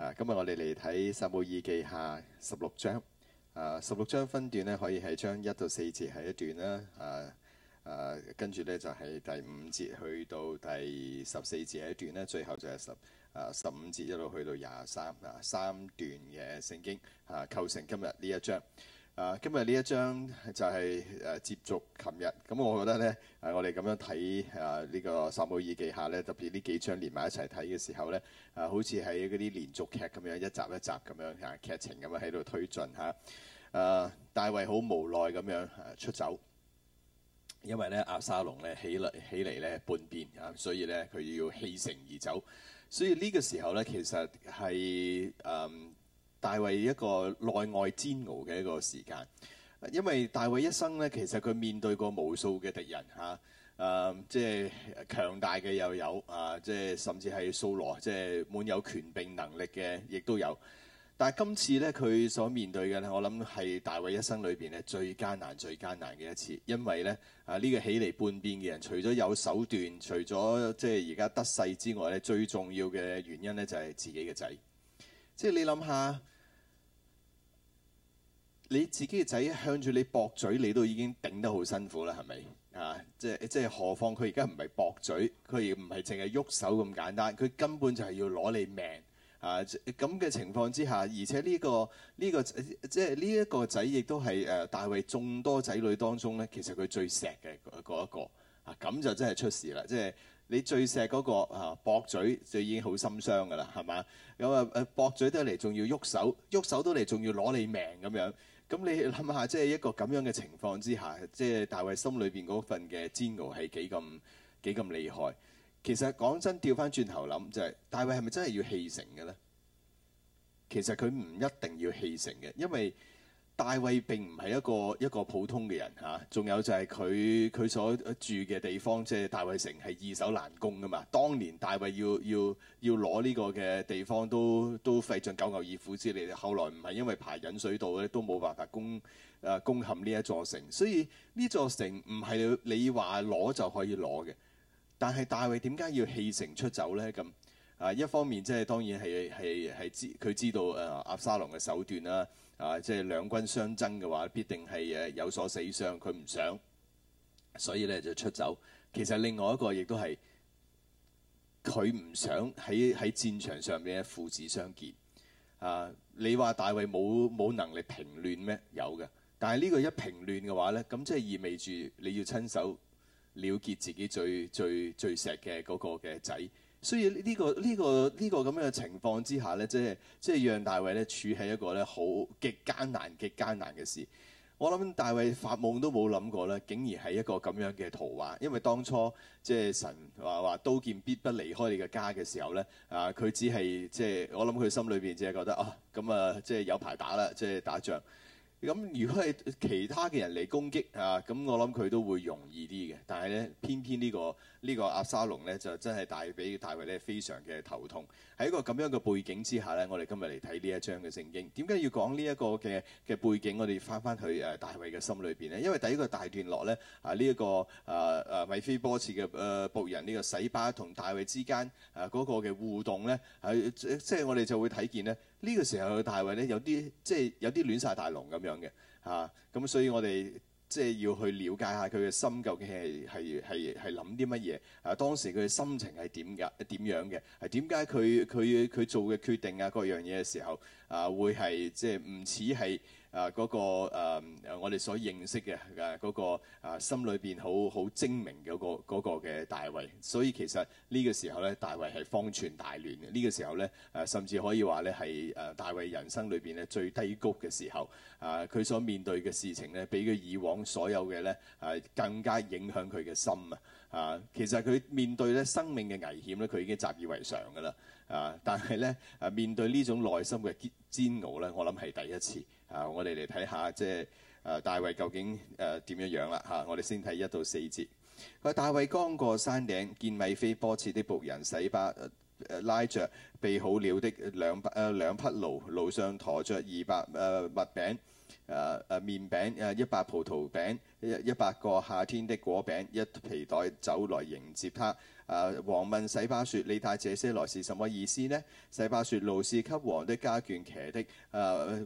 啊，今日我哋嚟睇撒母耳記下十六章。啊，十六章分段咧可以係將一,一到四節係一段啦。啊啊，跟住咧就係、係、第五節去到第十四節一段咧，最後就係十啊十五節一路去到廿三啊三段嘅聖經啊構成今日呢一章。啊，今日呢一章就係、是、誒、啊、接續琴日，咁、啊、我覺得呢，誒、啊，我哋咁樣睇啊呢、這個撒母耳記下呢，特別呢幾章連埋一齊睇嘅時候呢，啊好似係嗰啲連續劇咁樣一集一集咁樣嚇劇情咁樣喺度推進嚇。啊，大衛好無奈咁樣出走，因為呢押沙龍咧起嚟起嚟咧叛變啊，所以呢，佢要棄城而走。所以呢個時候呢，其實係誒。嗯大衛一個內外煎熬嘅一個時間，因為大衛一生呢，其實佢面對過無數嘅敵人嚇，誒、啊呃、即係強大嘅又有，啊即係甚至係掃羅，即係滿有權柄能力嘅，亦都有。但係今次呢，佢所面對嘅咧，我諗係大衛一生裏邊咧最艱難、最艱難嘅一次，因為咧啊呢、這個起嚟叛變嘅人，除咗有手段，除咗即係而家得勢之外咧，最重要嘅原因呢，就係、是、自己嘅仔。即係你諗下，你自己嘅仔向住你駁嘴，你都已經頂得好辛苦啦，係咪？啊，即係即係何況佢而家唔係駁嘴，佢而唔係淨係喐手咁簡單，佢根本就係要攞你命啊！咁嘅情況之下，而且呢個呢個即係呢一個仔亦都係誒大衛眾多仔女當中咧，其實佢最錫嘅嗰一個啊，咁就真係出事啦，即係。你最錫嗰個嚇，駁嘴就已經好心傷㗎啦，係嘛？咁啊誒，駁嘴都嚟，仲要喐手，喐手都嚟，仲要攞你命咁樣。咁你諗下，即係一個咁樣嘅情況之下，即係大衛心裏邊嗰份嘅煎熬係幾咁幾咁厲害。其實講真，調翻轉頭諗就係，大衛係咪真係要棄城嘅咧？其實佢唔一定要棄城嘅，因為。大衛並唔係一個一個普通嘅人嚇，仲、啊、有就係佢佢所住嘅地方，即係大衛城係易守難攻噶嘛。當年大衛要要要攞呢個嘅地方都都費盡九牛二虎之力，後來唔係因為排引水道咧，都冇辦法攻誒、啊、攻陷呢一座城。所以呢座城唔係你話攞就可以攞嘅。但係大衛點解要棄城出走呢？咁啊，一方面即、就、係、是、當然係係係知佢知道誒押、啊、沙龍嘅手段啦。啊，即係兩軍相爭嘅話，必定係誒有所死傷。佢唔想，所以咧就出走。其實另外一個亦都係佢唔想喺喺戰場上邊父子相見。啊，你話大衛冇冇能力平亂咩？有嘅。但係呢個一平亂嘅話咧，咁即係意味住你要親手了結自己最最最錫嘅嗰個嘅仔。所以呢、這個呢、這個呢、這個咁樣嘅情況之下呢，即係即係讓大衛咧處喺一個咧好極艱難極艱難嘅事。我諗大衛發夢都冇諗過呢竟然係一個咁樣嘅圖畫。因為當初即係神話話刀劍必不離開你嘅家嘅時候呢，啊佢只係即係我諗佢心裏邊，只係覺得啊咁啊即係有排打啦，即係打，打仗。咁如果係其他嘅人嚟攻擊啊，咁我諗佢都會容易啲嘅。但係咧，偏偏、這個這個、沙龍呢個呢個押沙龍咧，就真係帶俾大衛咧非常嘅頭痛。喺一個咁樣嘅背景之下咧，我哋今日嚟睇呢一章嘅聖經。點解要講呢一個嘅嘅背景？我哋翻翻去誒大衛嘅心裏邊咧，因為第一個大段落咧啊呢一、這個啊啊米非波設嘅誒僕人呢個洗巴同大衛之間啊嗰、那個嘅互動咧係、啊、即係我哋就會睇見咧。呢個時候嘅大衛咧，有啲即係有啲亂晒大龍咁樣嘅嚇，咁、啊、所以我哋即係要去了解下佢嘅心究竟係係係係諗啲乜嘢？啊，當時佢嘅心情係點㗎？點樣嘅？係點解佢佢佢做嘅決定啊，各樣嘢嘅時候啊，會係即係唔似係。啊！嗰、嗰個誒、啊、我哋所認識嘅誒嗰個、啊、心裏邊好好精明嗰、嗰個嗰、嗰個嘅大衛。所以其實呢個時候咧，大衛係方寸大亂嘅。呢、呢個時候咧誒、啊，甚至可以話咧係誒大衛人生裏邊咧最低谷嘅時候啊。佢所面對嘅事情咧，比佢以往所有嘅咧誒更加影響佢嘅心啊。其實佢面對咧生命嘅危險咧，佢已經習以為常㗎啦啊。但係咧誒面對呢種內心嘅煎熬咧，我諗係第一次。啊！我哋嚟睇下，即係誒、呃、大衛究竟誒點、呃、樣樣啦嚇！我哋先睇一到四節。佢大衛剛過山頂，見米非波設的僕人洗巴誒、呃、拉着備好了的兩百誒、呃、兩匹驢，驢上馱著二百誒、呃、麥餅、誒、呃、誒麵餅、誒、呃、一百葡萄餅、一一百個夏天的果餅，一皮袋酒來迎接他。誒、啊，王問洗巴説：你帶這些來是什麼意思呢？洗巴説：驢是給王的家眷騎的誒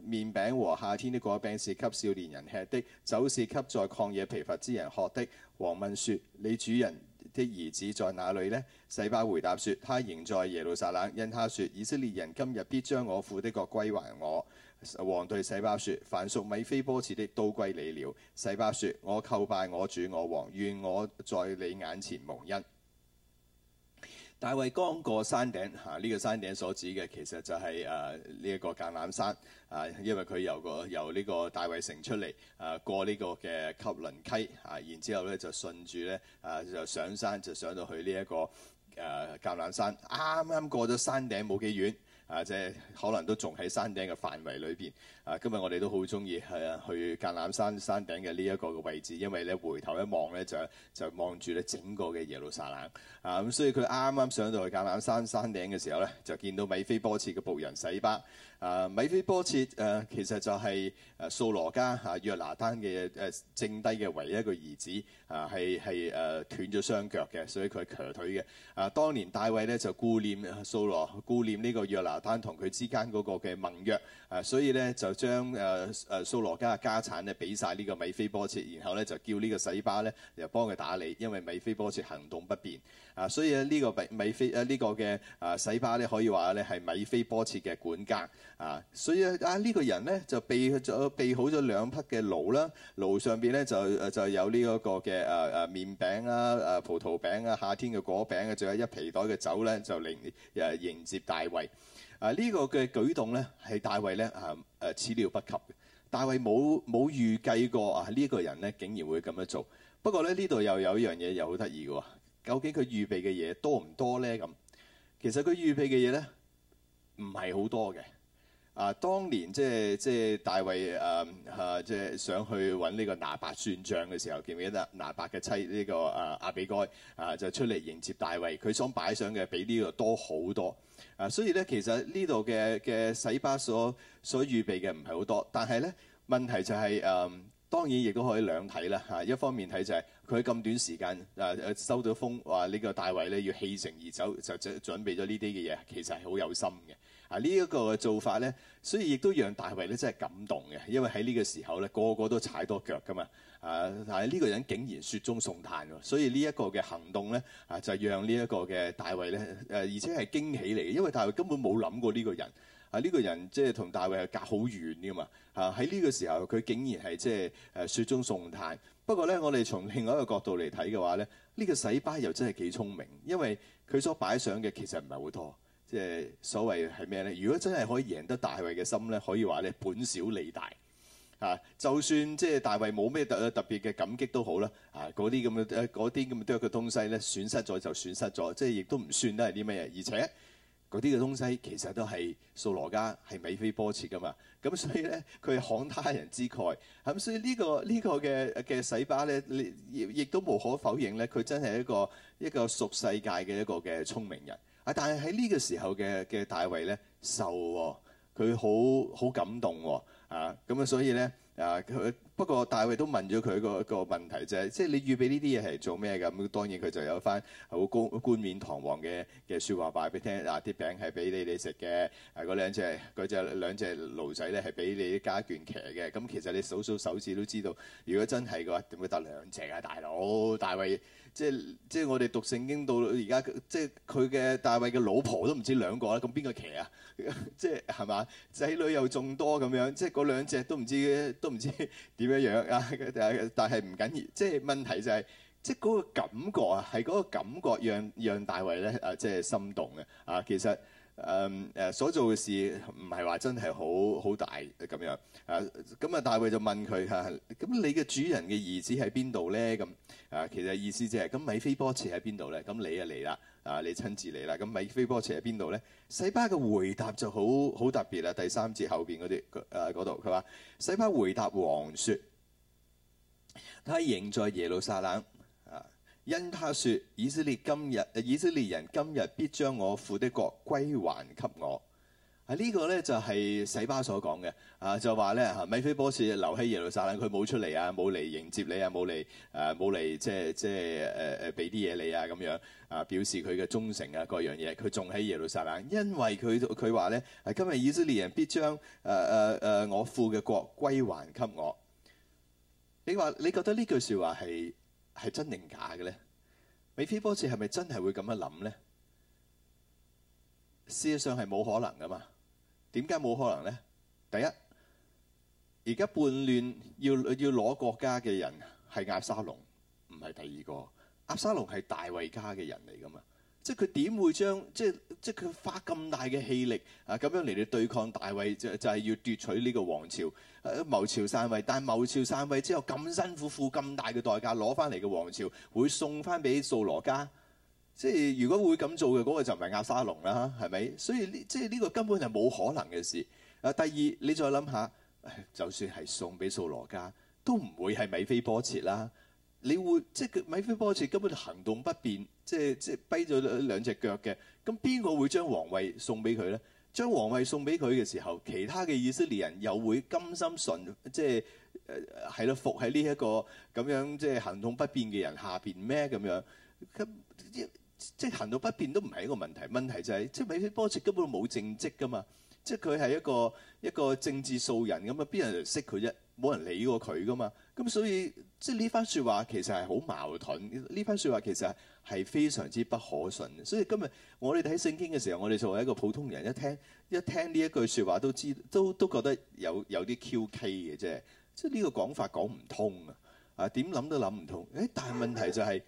麵、啊、餅和夏天的果餅是給少年人吃的，酒是給在曠野疲乏之人喝的。王問説：你主人的兒子在哪裏呢？洗巴回答説：他仍在耶路撒冷，因他説以色列人今日必將我父的國歸還我。王對洗巴説：凡屬米非波設的都歸你了。洗巴説：我叩拜我主我王，願我在你眼前蒙恩。大衛剛過山頂，嚇、啊、呢、這個山頂所指嘅其實就係誒呢一個橄欖山，啊，因為佢由個由呢個大衛城出嚟，誒、啊、過呢個嘅汲淪溪，啊，然之後咧就順住咧誒就上山，就上到去呢、這、一個誒橄欖山，啱啱過咗山頂冇幾遠。啊，即係可能都仲喺山頂嘅範圍裏邊。啊，今日我哋都好中意係去橄欖山山頂嘅呢一個嘅位置，因為咧回頭一望咧就就望住咧整個嘅耶路撒冷。啊，咁所以佢啱啱上到去橄欖山山頂嘅時候咧，就見到米非波設嘅僕人洗巴。啊，米非波設誒、啊，其實就係誒掃羅家嚇、啊、約拿單嘅誒、啊、剩低嘅唯一一個兒子啊，係係誒斷咗雙腳嘅，所以佢係瘸腿嘅。啊，當年大衛咧就顧念掃、啊、羅，顧念呢個約拿單同佢之間嗰個嘅盟約。啊，所以咧就將誒誒掃羅家嘅家產咧俾曬呢個米菲波切，然後咧就叫呢個洗巴咧又幫佢打理，因為米菲波切行動不便。啊，所以咧呢個米菲誒呢個嘅啊洗巴咧可以話咧係米菲波切嘅管家。啊，所以啊呢、啊呢個人咧就備咗備好咗兩匹嘅驢啦，驢上邊咧就誒就有呢一個嘅誒誒麵餅啊、誒葡萄餅啊、夏天嘅果餅啊，仲有一皮袋嘅酒咧就迎誒迎接大衛。啊！呢、這個嘅舉動咧，係大衛咧啊誒始料不及嘅。大衛冇冇預計過啊呢一、這個人咧，竟然會咁樣做。不過咧呢度又有一樣嘢又好得意嘅喎。究竟佢預備嘅嘢多唔多咧？咁其實佢預備嘅嘢咧，唔係好多嘅。啊，當年即係即係大衛誒嚇、啊、即係想去揾呢個拿伯算賬嘅時候，記唔記得拿伯嘅妻呢、這個啊阿比該啊就出嚟迎接大衛，佢想擺上嘅比呢個多好多。啊，所以咧其實呢度嘅嘅洗巴所所預備嘅唔係好多，但係咧問題就係、是、誒、嗯，當然亦都可以兩睇啦嚇、啊。一方面睇就係佢咁短時間誒誒、啊啊、收到風話呢、啊這個大衛咧要棄城而走，就準準備咗呢啲嘅嘢，其實係好有心嘅。啊，呢、這、一個嘅做法咧，所以亦都讓大衛咧真係感動嘅，因為喺呢個時候咧個個都踩多腳噶嘛。啊！但係呢個人竟然雪中送炭喎，所以呢一個嘅行動咧，啊就讓呢一個嘅大衛咧，誒、啊、而且係驚喜嚟嘅，因為大衛根本冇諗過呢個人，啊呢個人即係同大衛係隔好遠嘅嘛，啊喺呢個時候佢竟然係即係誒雪中送炭。不過咧，我哋從另外一個角度嚟睇嘅話咧，呢個洗巴又真係幾聰明，因為佢所擺上嘅其實唔係好多，即係所謂係咩咧？如果真係可以贏得大衛嘅心咧，可以話你本小利大。啊，就算即係大衛冇咩特特別嘅感激都好啦，啊嗰啲咁嘅誒啲咁多嘅東西咧，損失咗就損失咗，即係亦都唔算得係啲咩嘢，而且嗰啲嘅東西其實都係掃羅家係米非波設噶嘛，咁、啊、所以咧佢慷他人之慨，咁、啊、所以、這個這個啊、呢個呢個嘅嘅洗巴咧，亦亦都無可否認咧，佢真係一個一個屬世界嘅一個嘅聰明人，啊但係喺呢個時候嘅嘅大衛咧受。佢好好感動喎、哦，啊咁啊，所以咧啊佢不過大衛都問咗佢個一個問題啫、就是，即係你預備呢啲嘢係做咩㗎？咁、嗯、當然佢就有翻好高冠冕堂皇嘅嘅説話擺俾你聽，嗱、啊、啲餅係俾你哋食嘅，係、啊、嗰兩隻嗰隻兩,兩驢仔咧係俾你啲家眷騎嘅。咁、啊、其實你數數手指都知道，如果真係嘅話，點會得兩隻啊？大佬大衛。即係即係我哋讀聖經到而家，即係佢嘅大衛嘅老婆都唔知兩個啦，咁邊個騎啊？ 即係係嘛？仔女又眾多咁樣，即係嗰兩隻都唔知都唔知點樣樣啊？ 但係唔緊要，即係問題就係、是、即係嗰個感覺啊，係嗰個感覺讓讓大衛咧誒、啊、即係心動嘅啊，其實。誒誒所做嘅事唔係話真係好好大咁樣啊！咁啊大衛就問佢嚇：，咁你嘅主人嘅兒子喺邊度咧？咁啊，啊，其實意思即、就、係、是：，咁、啊、米非波設喺邊度咧？咁、啊、你啊嚟啦！啊，你親自嚟啦！咁、啊、米非波設喺邊度咧？洗巴嘅回答就好好特別啊！第三節後邊嗰啲誒度係嘛？洗、啊、巴回答王説：，他仍在耶路撒冷。因他説以色列今日，以色列人今日必將我父的國歸還給我。係、這個、呢個咧就係洗巴所講嘅啊，就話咧米非波設留喺耶路撒冷，佢冇出嚟啊，冇嚟迎接你啊，冇嚟誒，冇嚟即係即係誒誒，俾啲嘢你啊咁樣啊，表示佢嘅忠誠啊各樣嘢。佢仲喺耶路撒冷，因為佢佢話咧，係今日以色列人必將誒誒誒我父嘅國歸還給我。你話你覺得呢句説話係？係真定假嘅咧？美菲波士係咪真係會咁樣諗咧？事實上係冇可能噶嘛？點解冇可能咧？第一，而家叛亂要要攞國家嘅人係押沙龍，唔係第二個，押沙龍係大衛家嘅人嚟噶嘛？即係佢點會將即係即係佢花咁大嘅氣力啊咁樣嚟到對抗大衛就係、就係、係、要奪取呢個皇朝？誒謀朝篡位，但係謀朝篡位之後咁辛苦付咁大嘅代價攞翻嚟嘅皇朝，會送翻俾掃羅家，即係如果會咁做嘅嗰、那個就唔係押沙龍啦，係咪？所以呢，即係呢、這個根本係冇可能嘅事。啊，第二你再諗下，就算係送俾掃羅家，都唔會係米非波設啦。你會即係米非波設根本行動不便，即係即係跛咗兩隻腳嘅，咁邊個會將皇位送俾佢咧？將王位送俾佢嘅時候，其他嘅以色列人又會甘心順，即係誒係咯，服喺呢一個咁樣即係行動不便嘅人下邊咩咁樣？咁即係行動不便都唔係一個問題，問題就係、是、即係米非波設根本冇政績噶嘛，即係佢係一個一個政治素人咁啊，邊人識佢啫？冇人理過佢噶嘛，咁所以即係呢番説話其實係好矛盾。呢番説話其實。係非常之不可信，所以今日我哋睇聖經嘅時候，我哋作為一個普通人，一聽一聽呢一句説話都，都知都都覺得有有啲 QK 嘅，啫。即係呢個講法講唔通啊！啊，點諗都諗唔通。誒，但係問題就係係，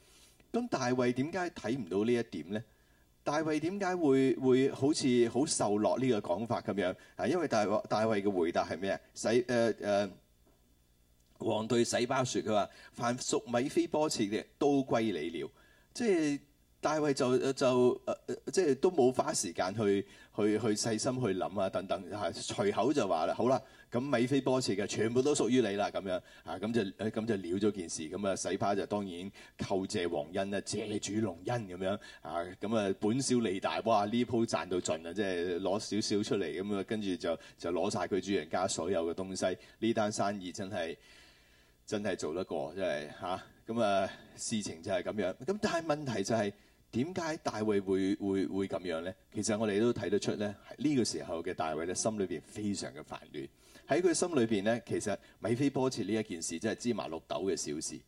咁大衛點解睇唔到呢一點呢？大衛點解會會好似好受落呢個講法咁樣啊？因為大衛大衛嘅回答係咩啊？洗誒誒，王對洗巴説：佢話凡屬米非波設嘅都歸你了。即係大衛就就，就、呃、即係都冇花時間去去去細心去諗啊等等嚇，隨口就話啦，好啦，咁米非波設嘅全部都屬於你啦，咁樣啊，咁、啊啊、就咁、啊、就了咗件事，咁啊洗巴就當然叩謝王恩，借恩啊，啦，你主隆恩咁樣啊，咁啊本小利大，哇呢鋪賺到盡啊，即係攞少少出嚟咁啊，跟住就就攞晒佢主人家所有嘅東西，呢單生意真係真係做得過，真係嚇。啊。咁啊、嗯，事情就係咁樣。咁但係問題就係點解大衛會會會咁樣咧？其實我哋都睇得出咧，呢、這個時候嘅大衛咧，心裏邊非常嘅煩亂。喺佢心裏邊咧，其實米非波設呢一件事真係芝麻綠豆嘅小事，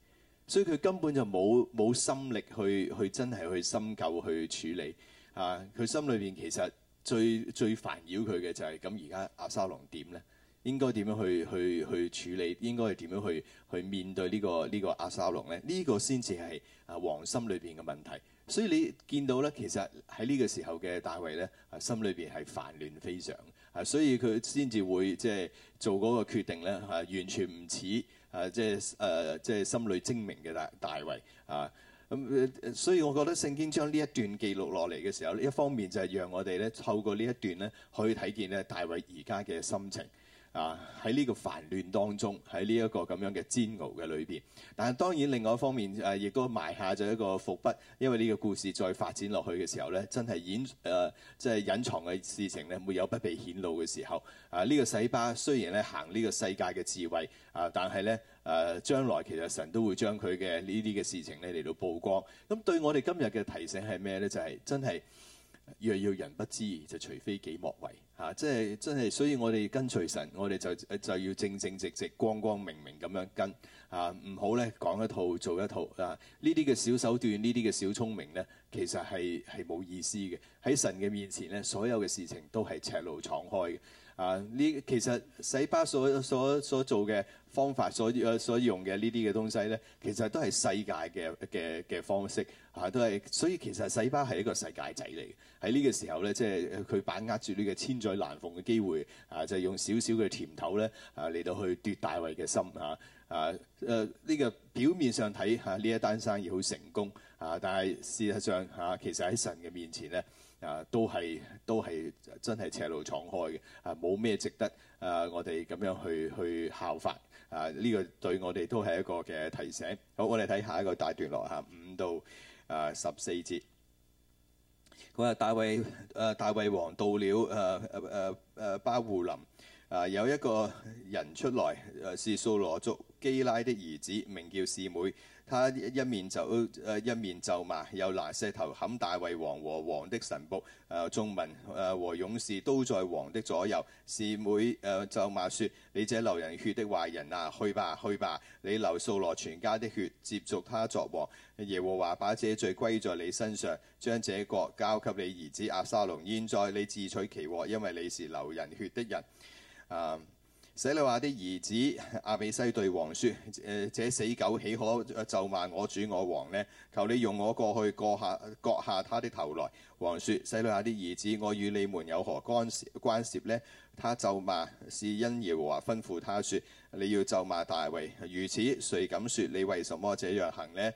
所以佢根本就冇冇心力去去真係去深究去處理啊。佢心裏邊其實最最煩擾佢嘅就係、是、咁，而家押沙龍點咧？應該點樣去去去處理？應該係點樣去去面對、這個這個、押沙龍呢、這個呢個押沙龍咧？呢個先至係啊王心裏邊嘅問題。所以你見到咧，其實喺呢個時候嘅大衛咧，啊心裏邊係煩亂非常啊，所以佢先至會即係、就是、做嗰個決定咧，係、啊、完全唔似啊即係誒即係心裏精明嘅大大衛啊。咁、啊、所以我覺得聖經將呢一段記錄落嚟嘅時候咧，一方面就係讓我哋咧透過呢一段咧去睇見咧大衛而家嘅心情。啊！喺呢個煩亂當中，喺呢一個咁樣嘅煎熬嘅裏邊，但係當然另外一方面誒，亦、啊、都埋下咗一個伏筆，因為呢個故事再發展落去嘅時候呢，真係掩誒即係隱藏嘅事情呢，沒有不被顯露嘅時候。啊！呢、這個洗巴雖然咧行呢個世界嘅智慧啊，但係呢誒將、啊、來其實神都會將佢嘅呢啲嘅事情呢嚟到曝光。咁對我哋今日嘅提醒係咩呢？就係、是、真係。若要人不知，就除非己莫為。嚇、啊，即係即係，所以我哋跟隨神，我哋就就要正正直直、光光明明咁樣跟。嚇、啊，唔好咧講一套做一套。啊，呢啲嘅小手段、呢啲嘅小聰明呢，其實係係冇意思嘅。喺神嘅面前呢，所有嘅事情都係赤露敞開嘅。啊，呢其實洗巴所所所做嘅方法，所所用嘅呢啲嘅東西呢，其實都係世界嘅嘅嘅方式。嚇、啊，都係，所以其實洗巴係一個世界仔嚟嘅。喺呢個時候咧，即係佢把握住呢個千載難逢嘅機會，啊，就用少少嘅甜頭咧，啊，嚟到去奪大衛嘅心嚇，啊，誒、啊、呢、這個表面上睇嚇呢一單生意好成功嚇、啊，但係事實上嚇、啊、其實喺神嘅面前咧，啊，都係都係真係赤路闖開嘅，啊，冇咩值得誒、啊、我哋咁樣去去效法啊？呢、這個對我哋都係一個嘅提醒。好，我哋睇下一個大段落嚇五、啊、到啊十四節。大衛、呃、大衛王到了，誒、呃、誒、呃呃、巴胡林、呃，有一個人出來，是掃羅族。基拉的兒子名叫示每，他一面就誒、呃、一面咒罵，又拿石頭砍大衛王和王的臣僕。誒眾民誒和勇士都在王的左右。示每誒咒、呃、罵説：你這流人血的壞人啊，去吧去吧！你流掃羅全家的血，接續他作王。耶和華把這罪歸在你身上，將這國交給你兒子押沙龍。現在你自取其禍，因為你是流人血的人。誒、呃。洗魯雅的兒子亞比篩對王説：誒，這死狗豈可咒罵我主我王呢？求你用我過去割下割下他的頭來。王説：洗魯雅的兒子，我與你們有何干涉關涉呢？他咒罵是因耶和華吩咐他説：你要咒罵大衛。」如此誰敢説你為什麼這樣行呢？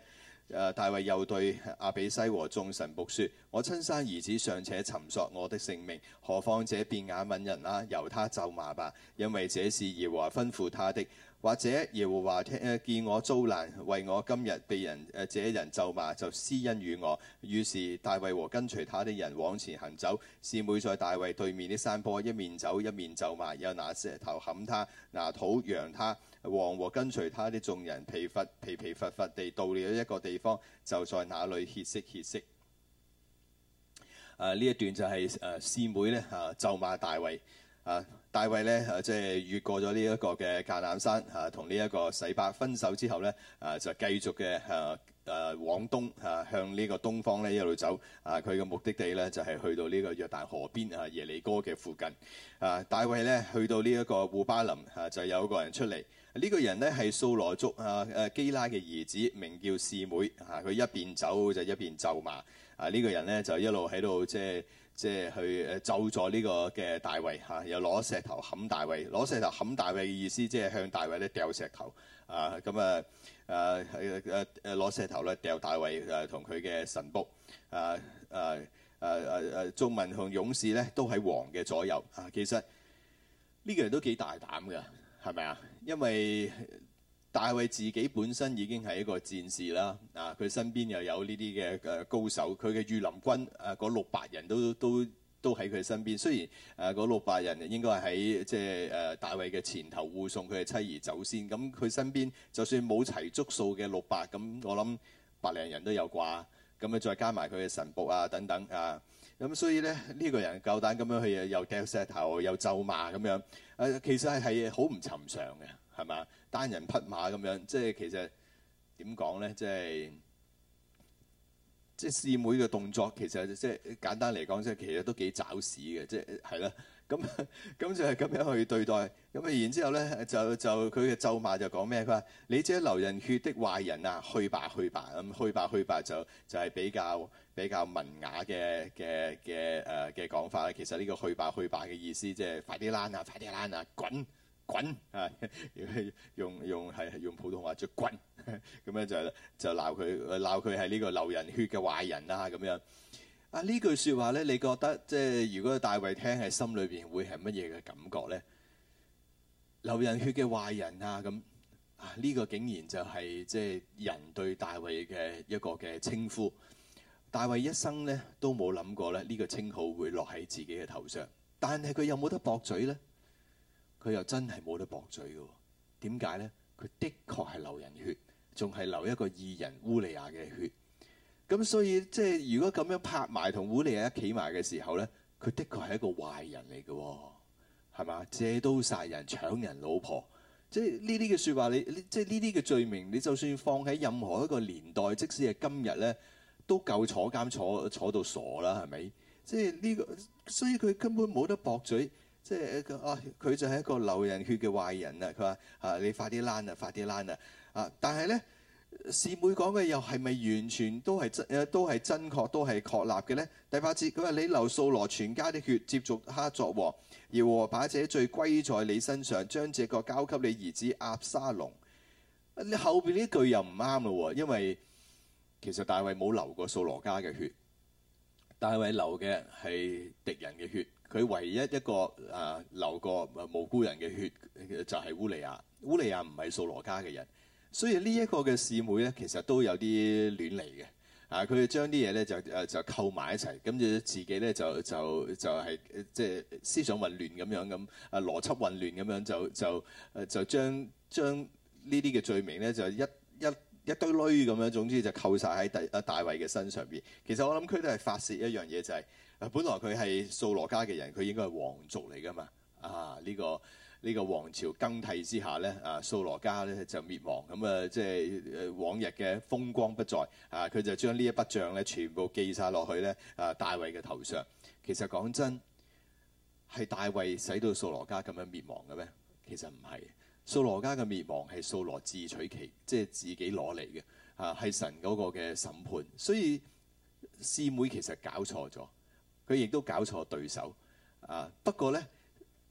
誒、呃，大衛又對亞比篩和眾臣僕説：我親生兒子尚且尋索我的性命，何況這便雅憫人啦、啊？由他咒罵吧，因為這是耶和華吩咐他的。或者耶和華聽誒見我遭難，為我今日被人誒、呃、這人咒罵，就施恩與我。於是大衛和跟隨他的人往前行走，示每在大衛對面的山坡，一面走一面咒罵，又拿石頭砍他，拿土揚他。王和跟隨他啲眾人疲乏疲疲乏乏地到了一個地方，就在那裡歇息歇息。啊，呢一段就係、是、誒、啊、示每咧嚇咒罵大衛。啊，大衛咧誒即係越過咗呢一個嘅橄欖山嚇、啊，同呢一個洗巴分手之後咧啊，就繼續嘅嚇誒往東嚇、啊、向呢個東方咧一路走啊，佢嘅目的地咧就係、是、去到呢個約旦河邊嚇、啊、耶利哥嘅附近啊。大衛咧去到呢一個胡巴林嚇、啊，就有一個人出嚟。呢個人咧係掃羅族啊誒基拉嘅兒子，名叫示每嚇。佢、啊、一邊走就一邊咒罵啊！呢、這個人咧就一路喺度即係即係去誒咒詛呢個嘅大衛嚇，又攞石頭冚大衛。攞、啊、石頭冚大衛嘅意思即係向大衛咧掉石頭啊！咁啊誒誒誒攞石頭咧掉大衛誒同佢嘅神僕。啊啊誒誒誒眾民同勇士咧都喺王嘅左右啊！其實呢、這個人都幾大膽㗎。係咪啊？因為大衛自己本身已經係一個戰士啦，啊，佢身邊又有呢啲嘅誒高手，佢嘅御林軍啊，嗰六百人都都都喺佢身邊。雖然啊，嗰六百人應該係喺即係誒大衛嘅前頭護送佢嘅妻兒走先。咁、啊、佢身邊就算冇齊足數嘅六百，咁我諗百零人都有啩。咁啊，再加埋佢嘅神僕啊等等啊。咁、嗯、所以咧呢、這個人夠膽咁樣去又掉石頭又咒罵咁樣，誒、啊、其實係好唔尋常嘅，係嘛？單人匹馬咁樣，即係其實點講咧？即係即師妹嘅動作其實即係簡單嚟講，即係其實都幾找屎嘅，即係係啦。咁咁、嗯嗯、就係、是、咁樣去對待，咁、嗯、啊然之後咧就就佢嘅咒罵就講咩？佢話你隻流人血的壞人啊，去吧去吧咁，去吧、嗯、去吧，去吧就就係、是、比較比較文雅嘅嘅嘅誒嘅講法啦。其實呢個去吧去吧嘅意思，即係快啲躝啊，快啲躝啊，滾滾啊，用用用係用普通話就滾，咁、啊、咧就就鬧佢鬧佢係呢個流人血嘅壞人啊。咁樣。啊！呢句説話咧，你覺得即係如果大衛聽喺心裏邊，會係乜嘢嘅感覺咧？流人血嘅壞人啊！咁啊，呢、這個竟然就係、是、即係人對大衛嘅一個嘅稱呼。大衛一生呢都冇諗過咧，呢個稱號會落喺自己嘅頭上。但係佢又冇得駁嘴咧？佢又真係冇得駁嘴嘅。點解咧？佢的確係流人血，仲係流一個義人烏利亞嘅血。咁、嗯、所以即係如果咁樣拍埋同烏利一烏利亞企埋嘅時候咧，佢的確係一個壞人嚟嘅、哦，係嘛？借刀殺人、搶人老婆，即係呢啲嘅説話，你，你即係呢啲嘅罪名，你就算放喺任何一個年代，即使係今日咧，都夠坐監坐坐到傻啦，係咪？即係呢、呢個，所以佢根本冇得駁嘴，即係啊，佢就係一個流人血嘅壞人啊！佢話啊，你快啲躝啊，快啲躝啊！啊，但係咧。姊妹講嘅又係咪完全都係真？誒都係真確，都係確立嘅呢？第八節佢話：你流掃羅全家的血，接續他作王，要把這罪歸在你身上，將這個交給你兒子押沙龍。你後邊呢句又唔啱咯？因為其實大衛冇流過掃羅家嘅血，大衛流嘅係敵人嘅血。佢唯一一個誒、呃、流過無辜人嘅血就係烏利亞。烏利亞唔係掃羅家嘅人。所以呢一個嘅示每咧，其實都有啲亂嚟嘅。啊，佢將啲嘢咧就誒就扣埋一齊，跟住自己咧就就就係即係思想混亂咁樣咁啊，邏輯混亂咁樣就就誒就，就將將呢啲嘅罪名咧就一一一堆堆咁樣，總之就扣晒喺第阿大衛嘅身上邊。其實我諗佢都係發泄一樣嘢，就係啊，本來佢係掃羅家嘅人，佢應該係皇族嚟噶嘛。啊，呢個。呢個王朝更替之下咧，啊，掃羅家咧就滅亡，咁啊、即係，即係往日嘅風光不再，啊，佢就將呢一筆帳咧全部記晒落去咧，啊，大衛嘅頭上。其實講真，係大衛使到掃羅家咁樣滅亡嘅咩？其實唔係，掃羅家嘅滅亡係掃羅自取其，即係自己攞嚟嘅，啊，係神嗰個嘅審判。所以示每其實搞錯咗，佢亦都搞錯對手。啊，不過咧。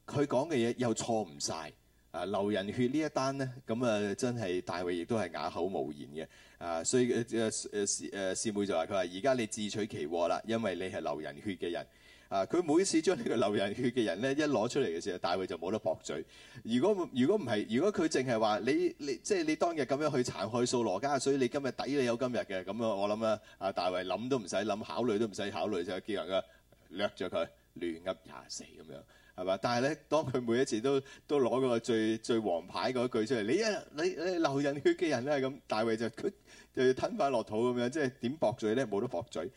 佢講嘅嘢又錯唔晒。啊！流人血呢一單呢，咁啊真係大衛亦都係啞口無言嘅啊！所以誒誒誒示每就話：佢話而家你自取其禍啦，因為你係流人血嘅人啊！佢每次將呢個流人血嘅人咧一攞出嚟嘅時候，大衛就冇得駁嘴。如果如果唔係，如果佢淨係話你你即係、就是、你當日咁樣去殘害掃羅家，所以你今日抵你有今日嘅咁啊！我諗啊，啊大衛諗都唔使諗，考慮都唔使考慮就叫人家掠著佢亂噏廿四咁樣。係嘛？但係咧，當佢每一次都都攞個最最王牌嗰一句出嚟，你一、啊、你你流人血嘅人咧、啊，咁大衛就佢要吞翻落肚咁樣，即係點駁嘴咧？冇得駁嘴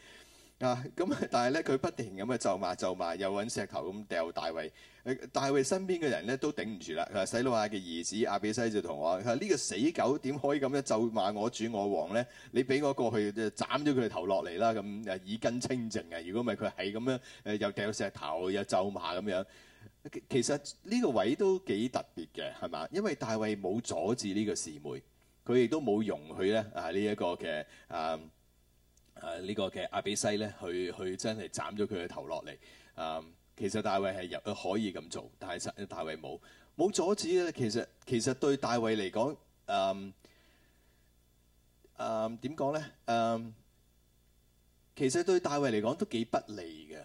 啊！咁但係咧，佢不停咁樣咒罵咒罵，又揾石頭咁掉大衛、啊。大衛身邊嘅人咧都頂唔住啦。洗魯雅嘅兒子亞比篩就同我話：呢、這個死狗點可以咁樣咒罵我主我王咧？你俾我過去就斬咗佢哋頭落嚟啦！咁耳根清淨嘅、啊。如果唔係，佢係咁樣又掉石頭又咒罵咁樣。其實呢個位都幾特別嘅，係嘛？因為大衛冇阻止呢個示每，佢亦都冇容許咧啊呢一個嘅啊啊呢個嘅阿比西咧去去真係斬咗佢嘅頭落嚟。啊，其實大衛係入可以咁做，但係大大衛冇冇阻止咧。其實其實對大衛嚟講，嗯嗯點講咧？嗯，其實對大衛嚟講都幾不利嘅。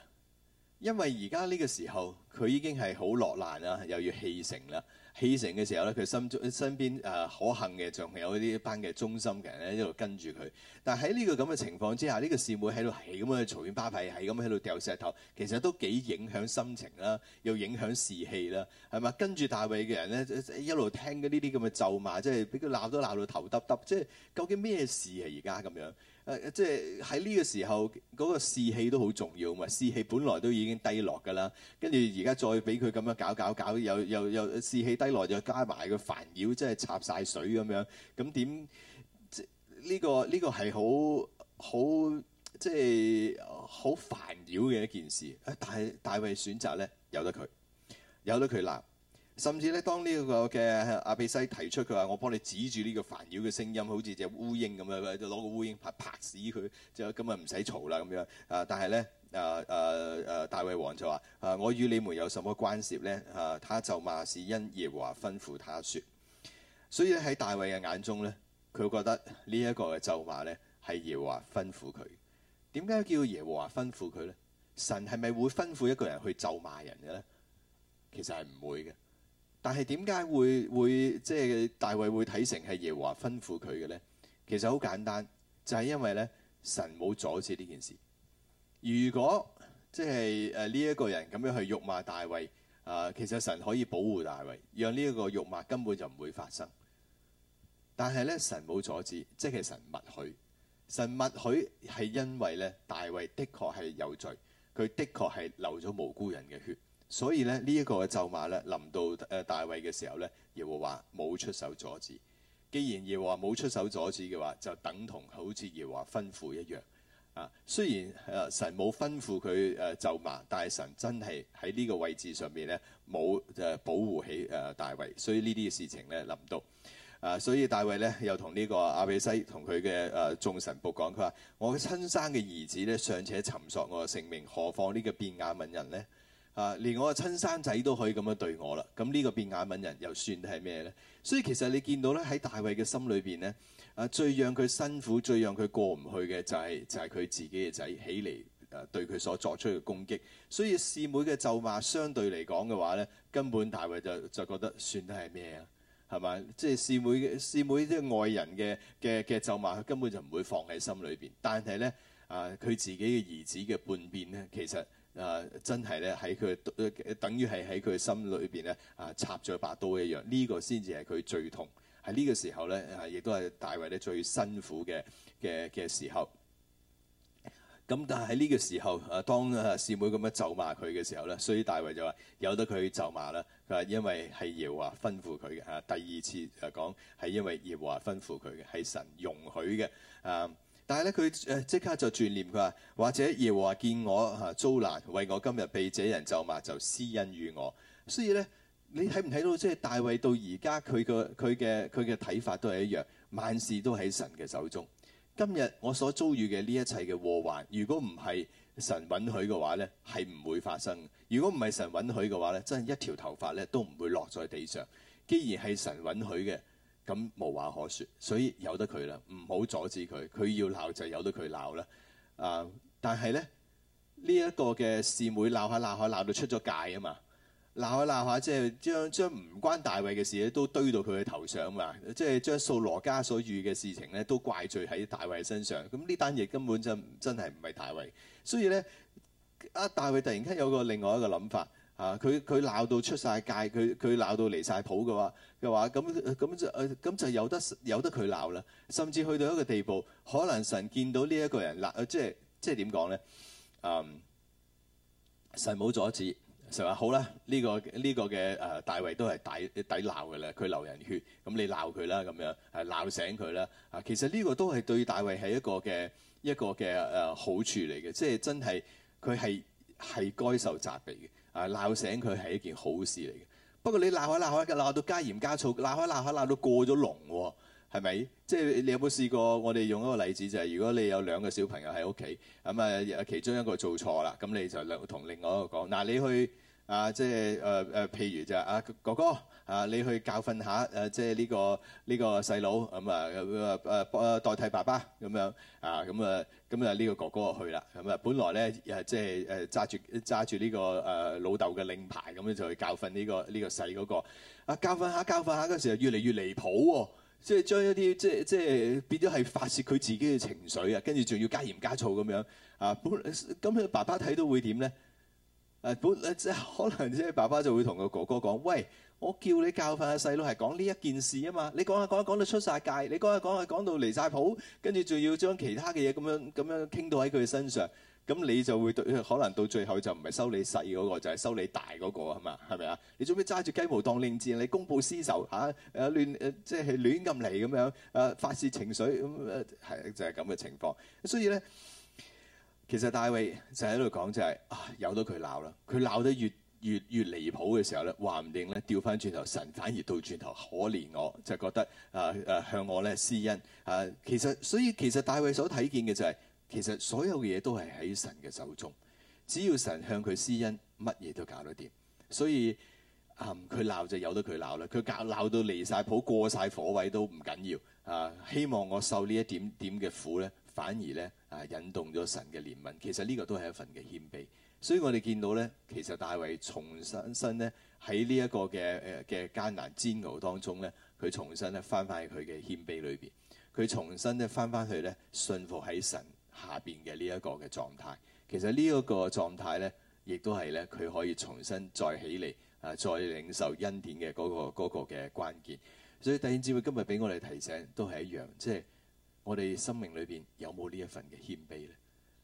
因為而家呢個時候，佢已經係好落難啦，又要棄城啦。棄城嘅時候咧，佢心中身邊誒、呃、可幸嘅，仲有呢班嘅忠心嘅人喺度跟住佢。但喺呢個咁嘅情況之下，呢、呢個示每喺度係咁嘅嘈喧巴閉，係咁喺度掉石頭，其實都幾影響心情啦，又影響士氣啦，係咪？跟住大衛嘅人咧，一路聽嗰啲啲咁嘅咒罵，即係俾佢鬧都鬧到頭耷耷，即係究竟咩事啊？而家咁樣。啊、即係喺呢個時候，嗰個士氣都好重要嘛。士氣本來都已經低落㗎啦，跟住而家再俾佢咁樣搞搞搞，又又又士氣低落，又加埋個煩擾，即係插晒水咁樣，咁點？即呢個呢個係好好即係好煩擾嘅一件事。誒，但係大衛選擇咧，由得佢，由得佢鬧。甚至咧，當呢個嘅亞比篩提出佢話：我幫你指住呢個煩擾嘅聲音，好似隻烏蠅咁樣，就攞個烏蠅拍拍死佢，就咁咪唔使嘈啦咁樣。誒，但係咧，誒誒誒，大衛王就話：誒、啊，我與你們有什麼關涉咧？誒、啊，他咒罵是因耶和華吩咐他説。所以喺大衛嘅眼中咧，佢覺得呢一個嘅咒罵咧係耶和華吩咐佢。點解叫耶和華吩咐佢咧？神係咪會吩咐一個人去咒罵人嘅咧？其實係唔會嘅。但係點解會會即係大衛會睇成係耶和華吩咐佢嘅咧？其實好簡單，就係、是、因為咧神冇阻止呢件事。如果即係誒呢一個人咁樣去辱罵大衛啊、呃，其實神可以保護大衛，讓呢一個辱罵根本就唔會發生。但係咧神冇阻止，即係神默許。神默許係因為咧大衛的確係有罪，佢的確係流咗無辜人嘅血。所以咧，這個、呢一個嘅咒罵咧，臨到誒大衛嘅時候咧，耶和華冇出手阻止。既然耶和華冇出手阻止嘅話，就等同好似耶和華吩咐一樣啊。雖然誒、啊、神冇吩咐佢誒咒罵，但係神真係喺呢個位置上面咧冇誒保護起誒大衛，所以呢啲嘅事情咧臨到啊，所以大衛咧又同呢個亞比篩同佢嘅誒眾臣僕講，佢話：我嘅親生嘅兒子咧尚且尋索我嘅性命，何況呢個便雅憫人呢？」啊！連我個親生仔都可以咁樣對我啦，咁呢個便雅憫人又算得係咩呢？所以其實你見到咧喺大衛嘅心裏邊呢，啊最讓佢辛苦、最讓佢過唔去嘅就係、是、就係、是、佢自己嘅仔起嚟誒、啊、對佢所作出嘅攻擊。所以示每嘅咒罵相對嚟講嘅話呢，根本大衛就就覺得算得係咩啊？係咪？即係示每嘅示每啲外人嘅嘅嘅咒罵，佢根本就唔會放喺心裏邊。但係呢，啊，佢自己嘅兒子嘅叛變呢，其實～啊，真係咧喺佢，等於係喺佢心裏邊咧啊，插咗把刀一樣。呢、這個先至係佢最痛，喺呢個時候咧、啊、亦都係大衛咧最辛苦嘅嘅嘅時候。咁、啊、但係喺呢個時候啊，當啊師妹咁樣咒罵佢嘅時候咧，所以大衛就話由得佢咒罵啦。佢話因為係耶華吩咐佢嘅、啊，第二次啊講係因為耶華吩咐佢嘅，係神容許嘅啊。但係咧，佢誒即刻就轉念，佢話或者耶和華見我哈遭難，為我今日被這人咒罵，就施恩於我。所以咧，你睇唔睇到即係大衛到而家佢嘅佢嘅佢嘅睇法都係一樣，萬事都喺神嘅手中。今日我所遭遇嘅呢一切嘅禍患，如果唔係神允許嘅話咧，係唔會發生。如果唔係神允許嘅話咧，真係一條頭髮咧都唔會落在地上。既然係神允許嘅。咁無話可説，所以由得佢啦，唔好阻止佢。佢要鬧就由得佢鬧啦。啊，但係咧呢一個嘅示每鬧下鬧下鬧到出咗界啊嘛！鬧下鬧下，即係將將唔關大衛嘅事咧都堆到佢嘅頭上嘛，即係將掃羅家所遇嘅事情咧都怪罪喺大衛身上。咁呢單嘢根本就真係唔係大衛。所以咧，啊大衛突然間有個另外一個諗法。啊！佢佢鬧到出晒界，佢佢鬧到離晒譜嘅話嘅話，咁咁就咁就有得有得佢鬧啦。甚至去到一個地步，可能神見到呢一個人鬧，啊，即係即係點講咧？嗯，神冇阻止，神話好啦。呢個呢個嘅誒大衛都係抵抵鬧嘅啦。佢流人血，咁你鬧佢啦，咁樣係鬧醒佢啦。啊，其實呢個都係對大衛係一個嘅一個嘅誒好處嚟嘅，即係真係佢係係該受責備嘅。啊！鬧醒佢係一件好事嚟嘅，不過你鬧開鬧開，鬧到加鹽加醋，鬧開鬧開鬧到過咗龍喎，哦，係咪？即係你有冇試過？我哋用一個例子就係，是，如果你有兩個小朋友喺屋企，咁，嗯、啊，其中一個做錯啦，咁你就同另外一個講，嗱，啊，你去啊，即係誒誒，譬如就啊哥哥。啊！你去教訓下誒，即係呢個呢個細佬咁啊，誒誒代替爸爸咁樣啊，咁啊咁啊呢、啊嗯嗯嗯呢個哥哥去、就是這個、啊去啦咁啊。本來咧誒、啊，即係誒揸住揸住呢個誒老豆嘅令牌咁樣，就去教訓呢個呢個細嗰個啊。教訓下教訓下嗰陣時，越嚟越離譜喎，即係將一啲即即係變咗係發洩佢自己嘅情緒啊，跟住仲要加鹽加醋咁樣啊。咁佢爸爸睇到會點咧？誒本即係可能即係爸爸就會同個哥哥講，喂。喂我叫你教訓阿細佬係講呢一件事啊嘛，你講下講下講到出曬界，你講下講下講到離曬譜，跟住仲要將其他嘅嘢咁樣咁樣傾到喺佢嘅身上，咁你就會對可能到最後就唔係收你細嗰個，就係收你大嗰個啊嘛，係咪啊？你做咩揸住雞毛當令箭，你公報私仇嚇？誒亂誒即係亂噏嚟咁樣誒發泄情緒咁誒係就係咁嘅情況。所以咧，其實大衛就喺度講就係啊，由得佢鬧啦，佢鬧得越，越越離譜嘅時候咧，話唔定咧，調翻轉頭，神反而到轉頭，可憐我，就是、覺得啊啊、呃呃、向我咧施恩啊、呃。其實所以其實大衛所睇見嘅就係、是，其實所有嘅嘢都係喺神嘅手中，只要神向佢施恩，乜嘢都搞得掂。所以啊，佢、嗯、鬧就由得佢鬧啦，佢鬧到離晒譜過晒火位都唔緊要啊、呃。希望我受呢一點點嘅苦咧，反而咧啊引動咗神嘅憐憫。其實呢個都係一份嘅謙卑。所以我哋見到咧，其實大衛重新身咧喺呢一個嘅誒嘅艱難煎熬當中咧，佢重新咧翻返去佢嘅謙卑裏邊，佢重新咧翻返去咧信服喺神下邊嘅呢一個嘅狀態。其實呢一個狀態咧，亦都係咧佢可以重新再起嚟啊，再領受恩典嘅嗰個嗰個嘅關鍵。所以大賢智慧今日俾我哋提醒，都係一樣，即係我哋生命裏邊有冇呢一份嘅謙卑咧？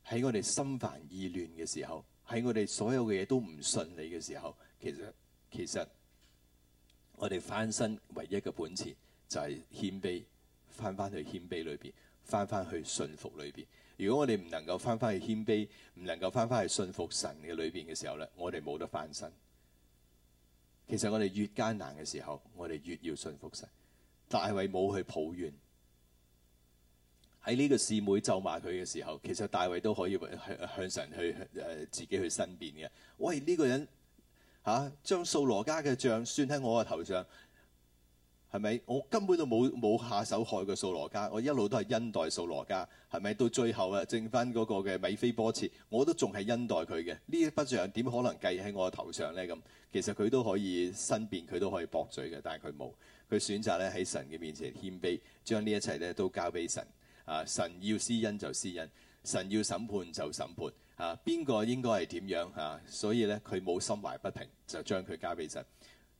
喺我哋心煩意亂嘅時候。喺我哋所有嘅嘢都唔順利嘅時候，其實，其實，我哋翻身唯一嘅本錢就係謙卑，翻翻去謙卑裏邊，翻翻去信服裏邊，如果我哋唔能夠翻翻去謙卑，唔能夠翻翻去信服神嘅裏邊嘅時候咧，我哋冇得翻身。其實，我哋越艱難嘅時候，我哋越要信服神。大衛冇去抱怨。喺呢個示每咒罵佢嘅時候，其實大衛都可以向向神去誒、呃、自己去申辯嘅。喂呢、這個人嚇將掃羅家嘅帳算喺我嘅頭上，係咪？我根本都冇冇下手害過掃羅家，我一路都係恩待掃羅家，係咪？到最後啊，剩翻嗰個嘅米非波設，我都仲係恩待佢嘅。呢一筆帳點可能計喺我嘅頭上咧？咁其實佢都可以申辯，佢都可以駁嘴嘅，但係佢冇，佢選擇咧喺神嘅面前謙卑，將呢一切咧都交俾神。啊！神要施恩就施恩，神要審判就審判。啊，邊個應該係點樣啊？所以咧，佢冇心懷不平，就將佢交俾神。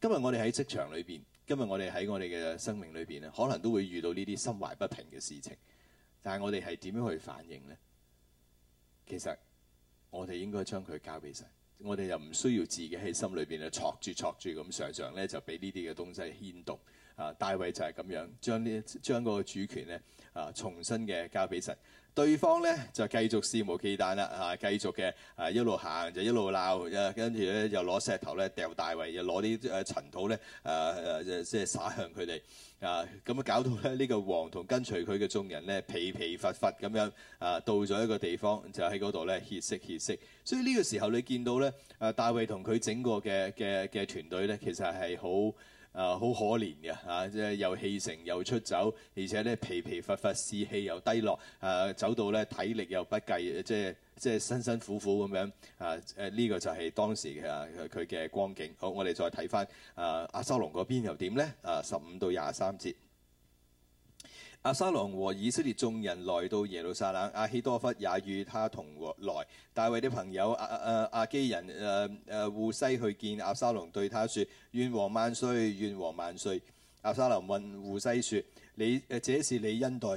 今日我哋喺職場裏邊，今日我哋喺我哋嘅生命裏邊咧，可能都會遇到呢啲心懷不平嘅事情。但係我哋係點樣去反應呢？其實我哋應該將佢交俾神。我哋又唔需要自己喺心裏邊啊，錯住錯住咁，常常咧就俾呢啲嘅東西牽動。啊，大衛就係咁樣，將呢將嗰個主權咧啊重新嘅交俾神。對方咧就繼續肆無忌憚啦，啊，繼續嘅啊一路行就一路鬧，啊、跟住咧又攞石頭咧掉大衛，又攞啲誒塵土咧誒即係撒向佢哋啊，咁啊，啊，啊搞到咧呢個王同跟隨佢嘅眾人咧疲疲乏乏咁樣啊，到咗一個地方就喺嗰度咧歇息歇息。所以呢個時候你見到咧，誒、啊、大衛同佢整個嘅嘅嘅團隊咧，其實係好。啊，好可憐嘅嚇、啊，即係又棄城又出走，而且咧疲疲乏乏，士氣又低落，啊，走到咧體力又不繼，即係即係辛辛苦苦咁樣，啊誒，呢、這個就係當時嘅佢嘅光景。好，我哋再睇返啊，阿修羅嗰邊又點咧？啊，十五、啊、到廿三節。阿沙龍和以色列眾人來到耶路撒冷，阿希多弗也與他同來。大衛的朋友阿阿阿基人誒誒胡西去見阿沙龍，對他說：願王萬歲，願王萬歲。阿沙龍問胡西說：説你誒這是你恩待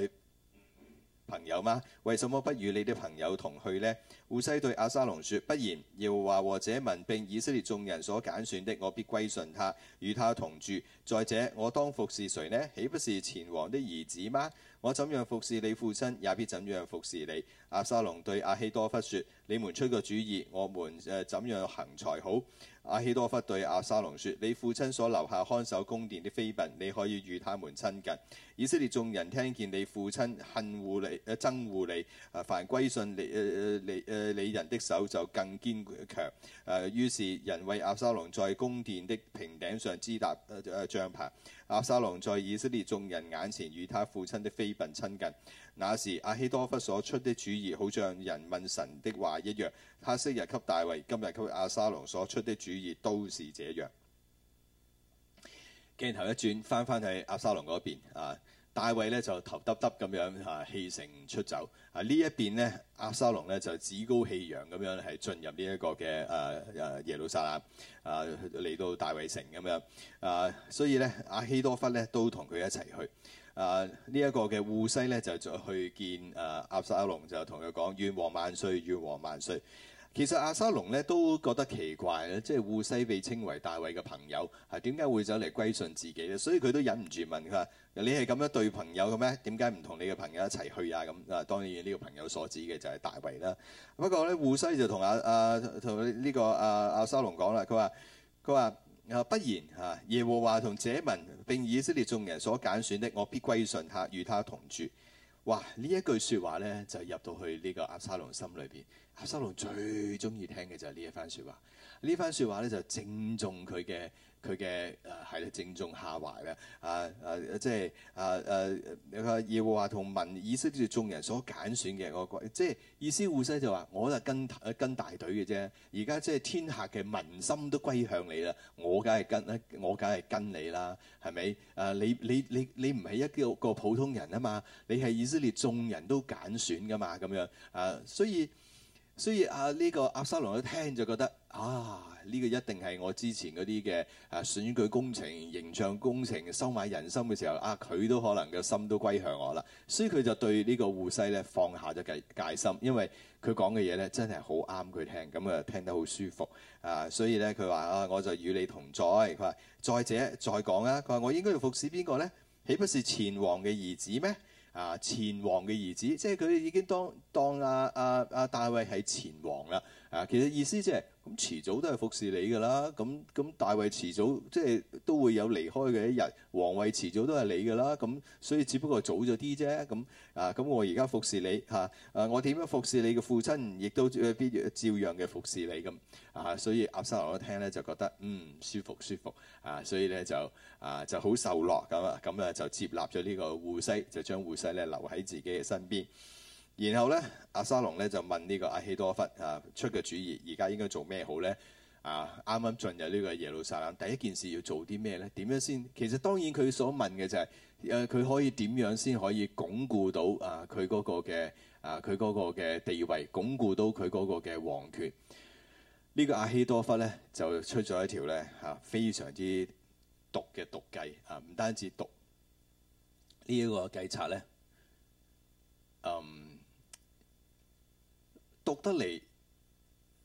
朋友嗎？為什麼不與你啲朋友同去呢？」護西對阿沙隆說：不然，耶和華或者民並以色列眾人所揀選的，我必歸順他，與他同住。再者，我當服侍誰呢？豈不是前王的兒子嗎？我怎樣服侍你父親，也必怎樣服侍你。阿沙隆對阿希多弗說：你們出個主意，我們誒、呃、怎樣行才好？阿希多弗對阿沙隆說：你父親所留下看守宮殿的妃嬪，你可以與他們親近。以色列眾人聽見你父親恨護你、誒憎護你，誒，凡歸順你誒誒你你人的手就更堅強。誒、呃，於是人為押沙龍在宮殿的平頂上支搭誒誒帳棚。押、呃、沙龍在以色列眾人眼前與他父親的妃嬪親近。那時亞希多弗所出的主意，好像人問神的話一樣。他昔日給大衛，今日給押沙龍所出的主意，都是這樣。鏡頭一轉，返返去押沙龍嗰邊啊。大衛咧，就頭耷耷咁樣啊，棄城出走啊。呢一邊呢，阿沙龍咧，就趾高氣揚咁樣，係進入呢一個嘅誒誒耶路撒冷啊，嚟到大衛城咁樣啊。所以咧，阿希多忽咧都同佢一齊去啊。呢一個嘅護西咧，就再去見誒阿沙龍，就同佢講，願王萬歲，願王萬歲。其實押沙龍咧都覺得奇怪咧，即係戶篩被稱為大衛嘅朋友，嚇點解會走嚟歸順自己咧？所以佢都忍唔住問佢：你係咁樣對朋友嘅咩？點解唔同你嘅朋友一齊去呀？咁啊，當然呢個朋友所指嘅就係大衛啦啊。不過咧，戶篩就同亞亞同呢個押、押沙龍講啦，佢話佢話不然啊，耶和華同這民並以色列眾人所揀選的，我必歸順他，與他同住。哇！呢一句説話咧，就入到去呢個押沙龍心裏邊。押沙龍最中意聽嘅就係呢一番説話，番話呢番説話咧就正中佢嘅佢嘅誒係啦，正中下懷啦。啊、呃、啊、呃呃，即係啊誒，你話耶和華同民以色列眾人所揀選嘅個、那個，即係意思戶篩就話：我就跟跟大隊嘅啫。而家即係天下嘅民心都歸向你啦，我梗係跟啦，我梗係跟你啦，係咪？啊、呃，你你你你唔係一個個普通人啊嘛，你係以色列眾人都揀選噶嘛，咁樣啊、呃，所以。所以啊，呢、這個押沙龍一聽就覺得啊，呢、這個一定係我之前嗰啲嘅誒選舉工程、形象工程、收買人心嘅時候，啊佢都可能嘅心都歸向我啦。所以佢就對個呢個戶篩咧放下咗戒戒心，因為佢講嘅嘢咧真係好啱佢聽，咁、嗯、啊聽得好舒服啊。所以咧佢話啊，我就與你同在。佢話再者再講啦、啊，佢話我應該要服侍邊個咧？豈不是前王嘅兒子咩？啊，前王嘅兒子，即係佢已經當當啊啊啊！啊大衛係前王啦，啊，其實意思即係。咁遲早都係服侍你噶啦，咁咁大衞遲早即係都會有離開嘅一日，皇位遲早都係你噶啦，咁所以只不過早咗啲啫，咁啊咁、啊啊、我而家服侍你嚇，誒、啊、我點樣服侍你嘅父親，亦都照樣嘅服侍你咁啊，所以押沙龍一聽咧就覺得嗯舒服舒服啊，所以咧就啊就好受落咁啊，咁啊就接納咗呢個戶篩，就將戶篩咧留喺自己嘅身邊。然後咧，阿沙龍咧就問呢個阿希多弗啊出嘅主意，而家應該做咩好咧？啊，啱啱進入呢個耶路撒冷，第一件事要做啲咩咧？點樣先？其實當然佢所問嘅就係、是，誒、啊、佢可以點樣先可以鞏固到啊佢嗰個嘅啊佢嗰個嘅地位，鞏固到佢嗰個嘅皇權。呢、這個阿希多弗咧就出咗一條咧嚇非常之毒嘅毒計啊！唔單止毒、這個、計呢一個計策咧，嗯。讀得嚟，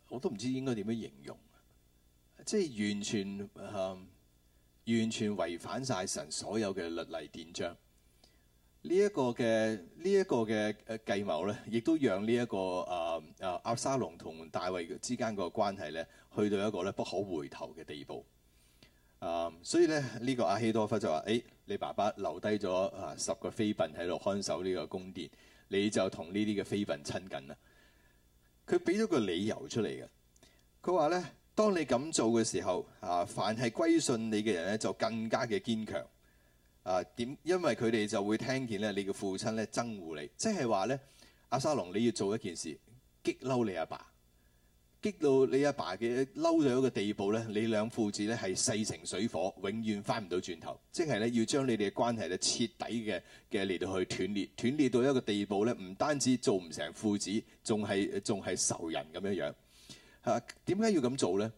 我都唔知應該點樣形容，即係完全、呃、完全違反晒神所有嘅律例典章。這個這個、呢一個嘅呢一個嘅誒計謀咧，亦都讓、這個呃、沙龍呢一個誒誒押沙龍同大衛之間個關係咧，去到一個咧不可回頭嘅地步。誒、呃，所以咧呢、這個亞希多弗就話：誒、哎，你爸爸留低咗啊十個妃嬪喺度看守呢個宮殿，你就同呢啲嘅妃嬪親近啦。佢俾咗個理由出嚟嘅，佢話咧：當你咁做嘅時候，啊，凡係歸順你嘅人咧，就更加嘅堅強。啊，點因為佢哋就會聽見咧，你嘅父親咧憎惡你，即係話咧，阿、啊、沙龍你要做一件事，激嬲你阿爸爸。激到你阿爸嘅嬲咗一個地步咧，你兩父子咧係勢成水火，永遠翻唔到轉頭。即係咧要將你哋嘅關係咧徹底嘅嘅嚟到去斷裂，斷裂到一個地步咧，唔單止做唔成父子，仲係仲係仇人咁樣樣。嚇，點解要咁做咧？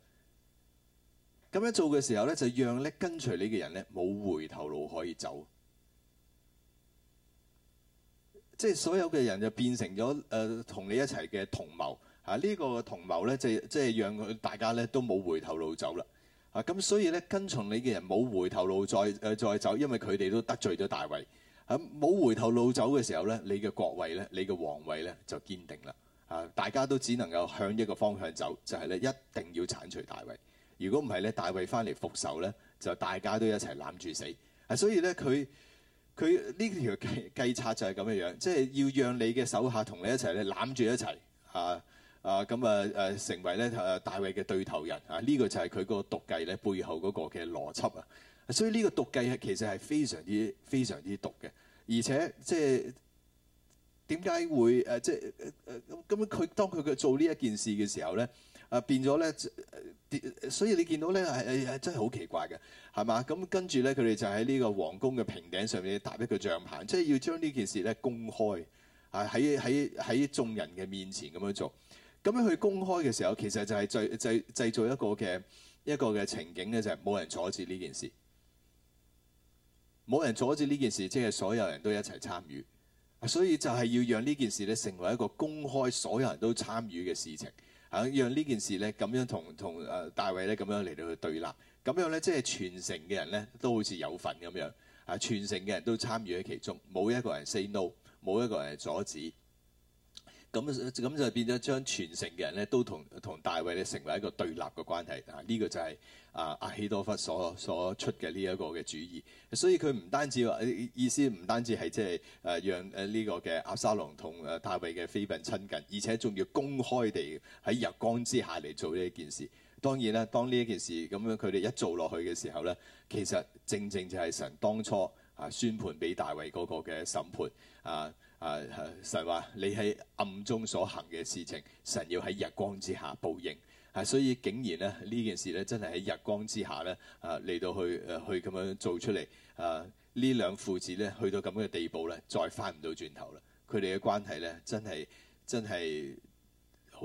咁樣做嘅時候咧，就讓咧跟隨你嘅人咧冇回頭路可以走，即係所有嘅人就變成咗誒同你一齊嘅同謀。啊！呢、這個同謀咧，即即係讓佢大家咧都冇回頭路走啦。啊，咁所以咧跟從你嘅人冇回頭路再誒、呃、再走，因為佢哋都得罪咗大衛。啊，冇回頭路走嘅時候咧，你嘅國位咧，你嘅皇位咧就堅定啦。啊，大家都只能夠向一個方向走，就係、是、咧一定要剷除大衛。如果唔係咧，大衛翻嚟復仇咧，就大家都一齊攬住死。啊，所以咧佢佢呢條計計策就係咁嘅樣，即、就、係、是、要讓你嘅手下同你一齊咧攬住一齊啊。啊，咁啊，誒成為咧誒大衛嘅對頭人啊，呢個就係佢個毒計咧背後嗰個嘅邏輯啊。所以呢個毒計係其實係非常之非常之毒嘅，而且即係點解會誒即係咁佢當佢做呢一件事嘅時候咧啊變咗咧，所以你見到咧係真係好奇怪嘅係嘛？咁跟住咧佢哋就喺呢個皇宮嘅平頂上面搭一個帳篷，即係要將呢件事咧公開啊喺喺喺眾人嘅面前咁樣做。咁樣去公開嘅時候，其實就係製製製造一個嘅一個嘅情景咧，就係冇人阻止呢件事，冇人阻止呢件事，即係所有人都一齊參與，所以就係要讓呢件事咧成為一個公開，所有人都參與嘅事情，啊，讓呢件事咧咁樣同同誒大衛咧咁樣嚟到去對立，咁樣咧即係全城嘅人咧都好似有份咁樣，啊，全城嘅人都參與喺其中，冇一個人 say no，冇一個人阻止。咁咁就變咗將全城嘅人咧，都同同大衛咧成為一個對立嘅關係啊！呢、這個就係、是、啊亞希多弗所所出嘅呢一個嘅主意。所以佢唔單止話意思，唔單止係即係誒讓誒呢個嘅押沙龍同誒大衛嘅妃嬪親近，而且仲要公開地喺日光之下嚟做呢一件事。當然啦，當呢一件事咁樣佢哋一做落去嘅時候咧，其實正正就係神當初啊宣判俾大衛嗰個嘅審判啊。啊！神話，你喺暗中所行嘅事情，神要喺日光之下報應。啊！所以竟然咧，呢件事咧真係喺日光之下咧，啊嚟到去誒、啊、去咁樣做出嚟。啊！呢兩父子咧去到咁嘅地步咧，再翻唔到轉頭啦。佢哋嘅關係咧，真係真係，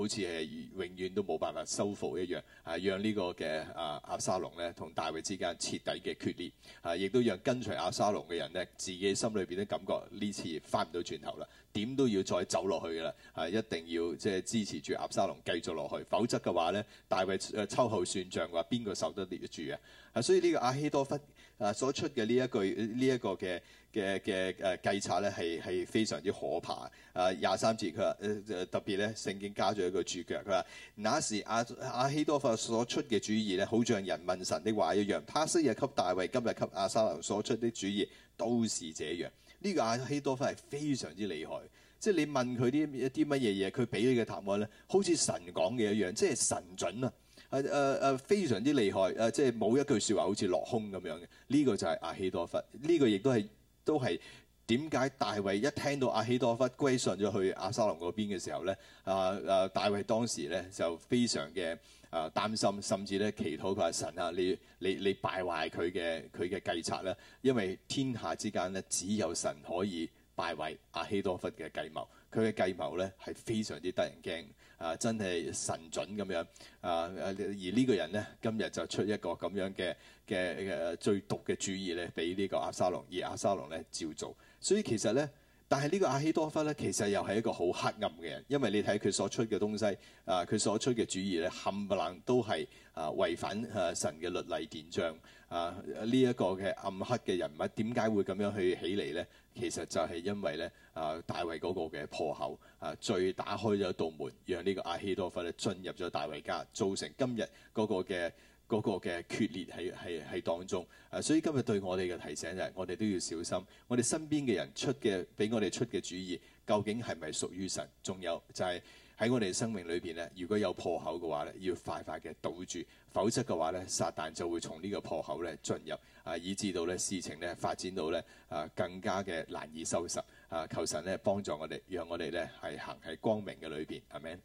好似係永遠都冇辦法修復一樣，係、啊、讓呢個嘅押、啊、沙龍咧同大衛之間徹底嘅決裂，係、啊、亦都讓跟隨押沙龍嘅人咧自己心裏邊都感覺呢次翻唔到轉頭啦，點都要再走落去噶啦，係、啊、一定要即係支持住押沙龍繼續落去，否則嘅話咧大衛誒秋後算賬嘅話，邊個受得得住啊？啊，所以呢個亞希多弗。啊！所出嘅呢一句呢一個嘅嘅嘅誒計策咧，係係非常之可怕。啊！廿三節佢話誒特別咧，聖經加咗一個註腳，佢話：那時亞亞希多弗所出嘅主意咧，好像人問神的話一樣。他昔日給大衛，今日給押沙龍所出的主意，都是這樣。呢、這個亞希多弗係非常之厲害。即係你問佢啲一啲乜嘢嘢，佢俾你嘅答案咧，好似神講嘅一樣，即係神準啊！係誒誒非常之厲害誒、啊，即係冇一句説話好似落空咁樣嘅。呢、呢個就係亞希多弗，呢、呢個亦都係都係點解大衛一聽到亞希多弗歸順咗去押沙龍嗰邊嘅時候咧，啊誒、啊，大衛當時咧就非常嘅誒、啊、擔心，甚至咧祈禱佢話神啊，你你你敗壞佢嘅佢嘅計策咧，因為天下之間咧只有神可以敗壞亞希多弗嘅計謀，佢嘅計謀咧係非常之得人驚。啊！真係神準咁樣啊！而呢個人呢，今日就出一個咁樣嘅嘅最毒嘅主意咧，俾呢個押沙龍，而押沙龍呢，照做。所以其實呢，但係呢個亞希多弗呢，其實又係一個好黑暗嘅人，因為你睇佢所出嘅東西啊，佢所出嘅主意呢，冚唪唥都係啊違反啊神嘅律例典章啊！呢、這、一個嘅暗黑嘅人物，點解會咁樣去起嚟呢？其實就係因為咧，啊，大衛嗰個嘅破口啊，最打開咗道門，讓呢個亞希多弗咧進入咗大衛家，造成今日嗰個嘅嗰個嘅決裂喺喺喺當中。啊，所以今日對我哋嘅提醒就係，我哋都要小心，我哋身邊嘅人出嘅俾我哋出嘅主意，究竟係咪屬於神？仲有就係、是。喺我哋生命裏面，如果有破口嘅話呢，要快快嘅堵住，否則嘅話呢，撒旦就會從呢個破口咧進入啊，以致到呢事情咧發展到呢啊更加嘅難以收拾啊！求神呢幫助我哋，讓我哋呢係行喺光明嘅裏邊，阿門。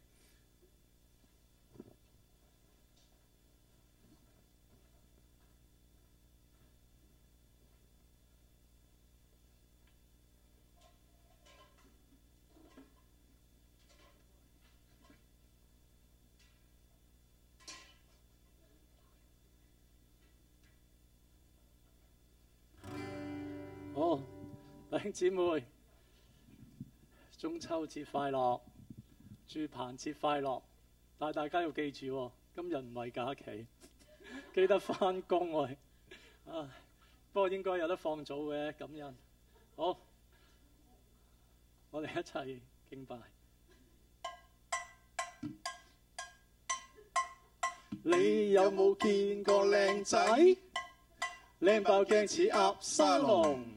兄姐妹，中秋節快樂，住棚節快樂。但係大家要記住，今日唔係假期，記得翻工喎。啊，不過應該有得放早嘅。感恩，好，我哋一齊敬拜。你有冇見過靚仔？靚爆鏡似押沙龍。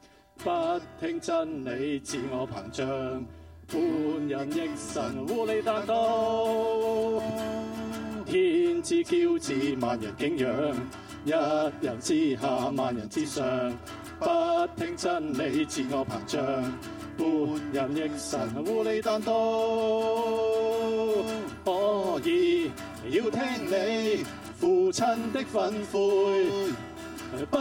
不聽真理，自我膨脹，半人益神，烏利旦都天之驕子，萬人敬仰，一人之下，萬人之上。不聽真理，自我膨脹，半人益神，烏利旦都。可以要聽你父親的訓誨，不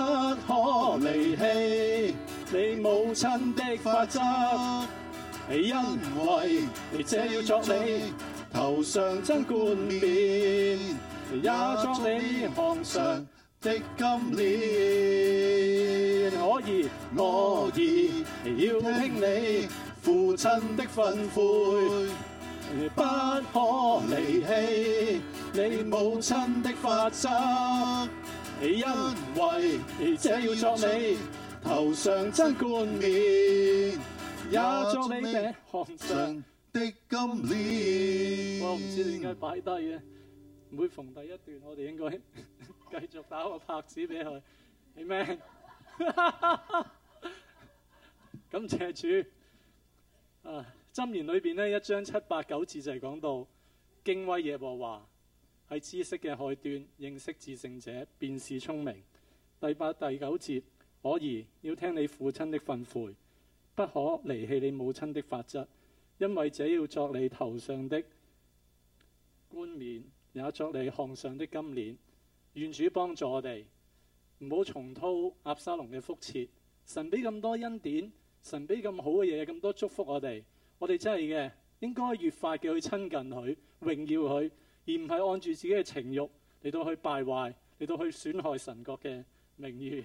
可離棄。你母親的法則，因為這要作你頭上真冠冕，也作你項上的金鏈。可以，我兒，我兒要聽你父親的訓誨，不可離棄你母親的法則，因為這要作你頭上真冠冕，也作你哋行上的金鏈。我唔知點解擺低嘅，每逢第一段我哋應該繼 續打個拍子俾佢，係咩 Amen？ 感謝主。啊，箴言裏邊呢，一章七八九節就係講到，敬畏耶和華係知識嘅開端，認識自性者便是聰明。第八第九節。可以要聽你父親的訓誨，不可離棄你母親的法則，因為這要作你頭上的冠冕，也作你項上的金鏈。願主幫助我哋，唔好重蹈押沙龍嘅覆轍。神俾咁多恩典，神俾咁好嘅嘢，咁多祝福我哋，我哋真係嘅應該越快嘅去親近佢，榮耀佢，而唔係按住自己嘅情欲嚟到去敗壞，嚟到去損害神國嘅名譽。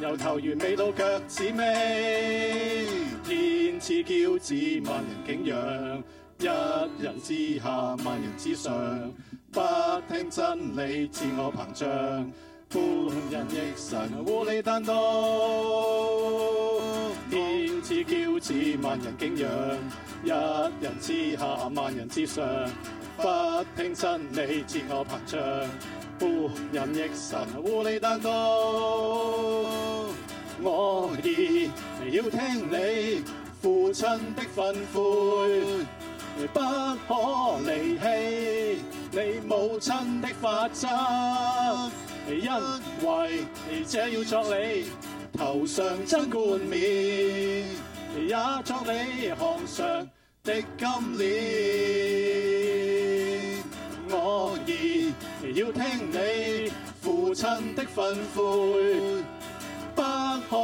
由頭完美到腳趾尾，天賜驕子萬人景仰，一人之下萬人之上，不聽真理自我膨脹，半人亦神污吏擔當。天賜驕子萬人景仰，一人之下萬人之上，不聽真理自我膨脹。父人亦神護你得多，我兒要聽你父親的吩咐，不可離棄你母親的法則，因為這要作你頭上真冠冕，也作你項上的金鏈。我兒要聽你父親的訓誨，不可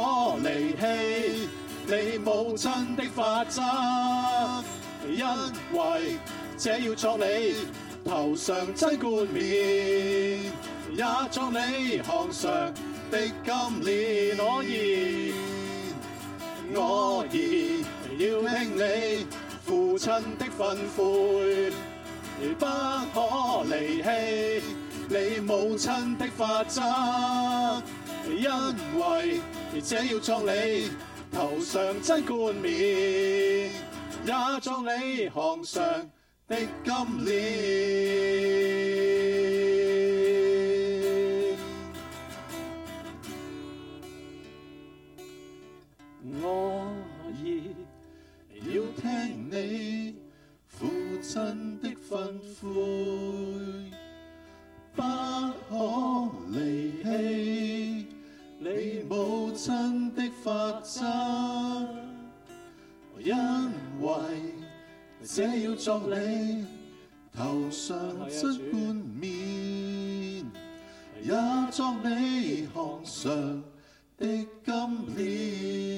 離棄你母親的法則，因為這要作你頭上真冠冕，也作你項上的金鏈。我兒，我兒要聽你父親的訓誨。不可離棄你母親的法則，因為這要作你頭上真冠冕，也作你項上的金鏈。我已要聽你親的訓誨不可離棄，你母親的法則，因為這要作你頭上新冠冕，也作你項上的金鍊。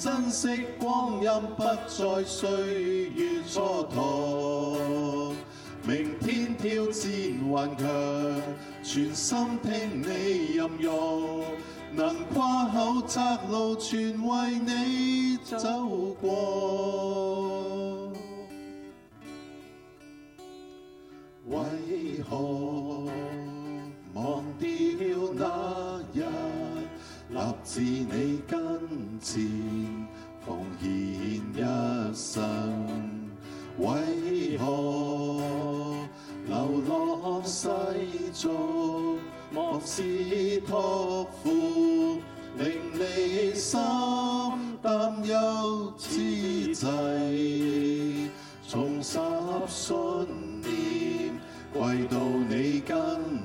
珍惜光陰，不再歲月蹉跎。明天挑戰頑強，全心聽你任用。能跨口窄路，全為你走過。為何忘掉那？立志你跟前，奉獻一生。為何流落世俗，莫是托付令你心擔憂之際，重拾信念，跪到你跟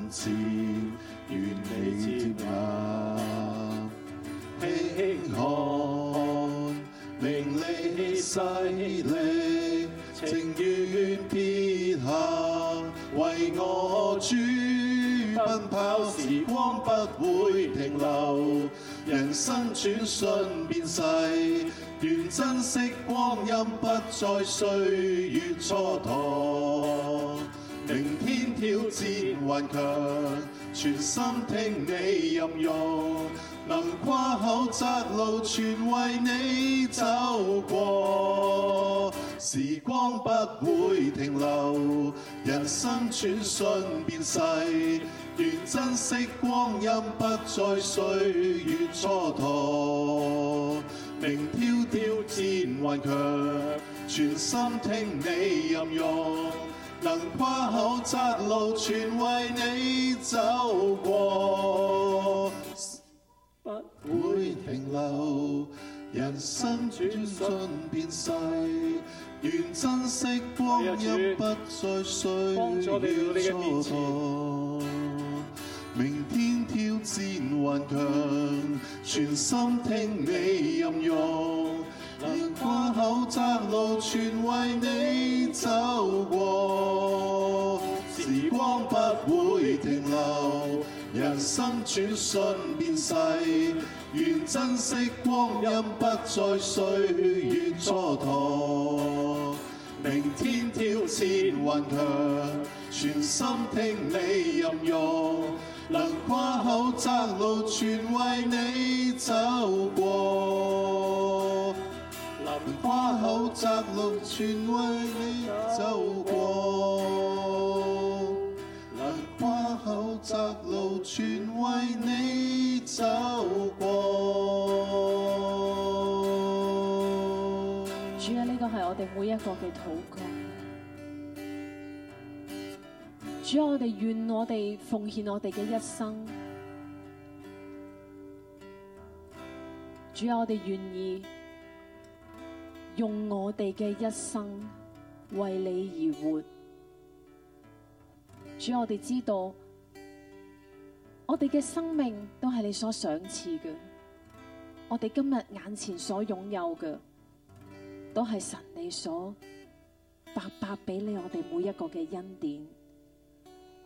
前，願你接受。看名利勢利，理理情願撇下為我主奔跑。時光不會停留，人生轉瞬變逝，願珍惜光陰，不再歲月蹉跎。明天挑戰頑強，全心聽你任用。能跨口窄路，全為你走過。時光不會停留，人生轉瞬便逝，願珍惜光陰，不再歲月蹉跎。明挑挑戰頑強，全心聽你任用。能跨口窄路，全為你走過。不會停留，人生轉瞬變逝，願珍惜光陰，不再需要蹉跎。明天挑戰頑強，全心聽你任用，難關口窄路全為你走過，時光不會停留。人生轉瞬變逝，願珍惜光陰不，不再歲月蹉跎。明天挑戰還強，全心聽你任用，能跨口窄路全為你走過，能跨口窄路全為你走過。路全為你走過主啊，呢個係我哋每一個嘅禱告。主啊，我哋願我哋奉獻我哋嘅一生。主啊，我哋願意用我哋嘅一生為你而活。主啊，我哋知道。我哋嘅生命都係你所賞賜嘅，我哋今日眼前所擁有嘅，都係神你所白白俾你我哋每一個嘅恩典，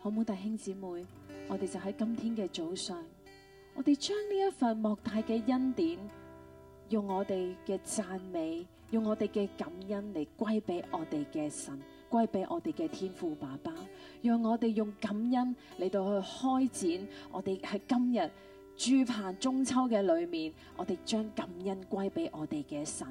好唔好？弟兄姊妹，我哋就喺今天嘅早上，我哋將呢一份莫大嘅恩典，用我哋嘅讚美，用我哋嘅感恩嚟歸俾我哋嘅神。歸俾我哋嘅天父爸爸，讓我哋用感恩嚟到去開展我哋喺今日注盼中秋嘅裏面，我哋將感恩歸俾我哋嘅神。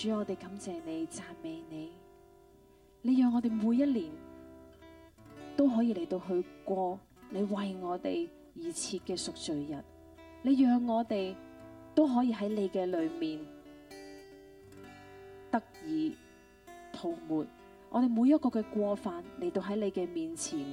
主，我哋感謝你，讚美你，你讓我哋每一年都可以嚟到去過你為我哋而設嘅贖罪日，你讓我哋都可以喺你嘅裏面得以塗抹，我哋每一個嘅過犯嚟到喺你嘅面前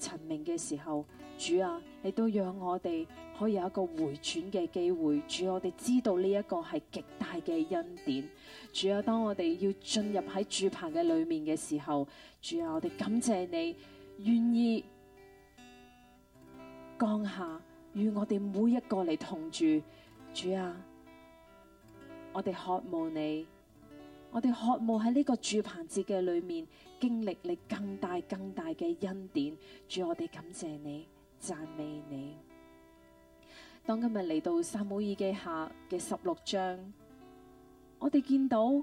陳明嘅時候。主啊，你都讓我哋可以有一個回轉嘅機會。主啊，我哋知道呢一個係極大嘅恩典。主啊，當我哋要進入喺住棚嘅裏面嘅時候，主啊，我哋感謝你願意降下與我哋每一個嚟同住。主啊，我哋渴慕你，我哋渴慕喺呢個住棚節嘅裏面經歷你更大更大嘅恩典。主啊，我哋感謝你。讚美你。當今日嚟到《撒母耳記下》嘅十六章，我哋見到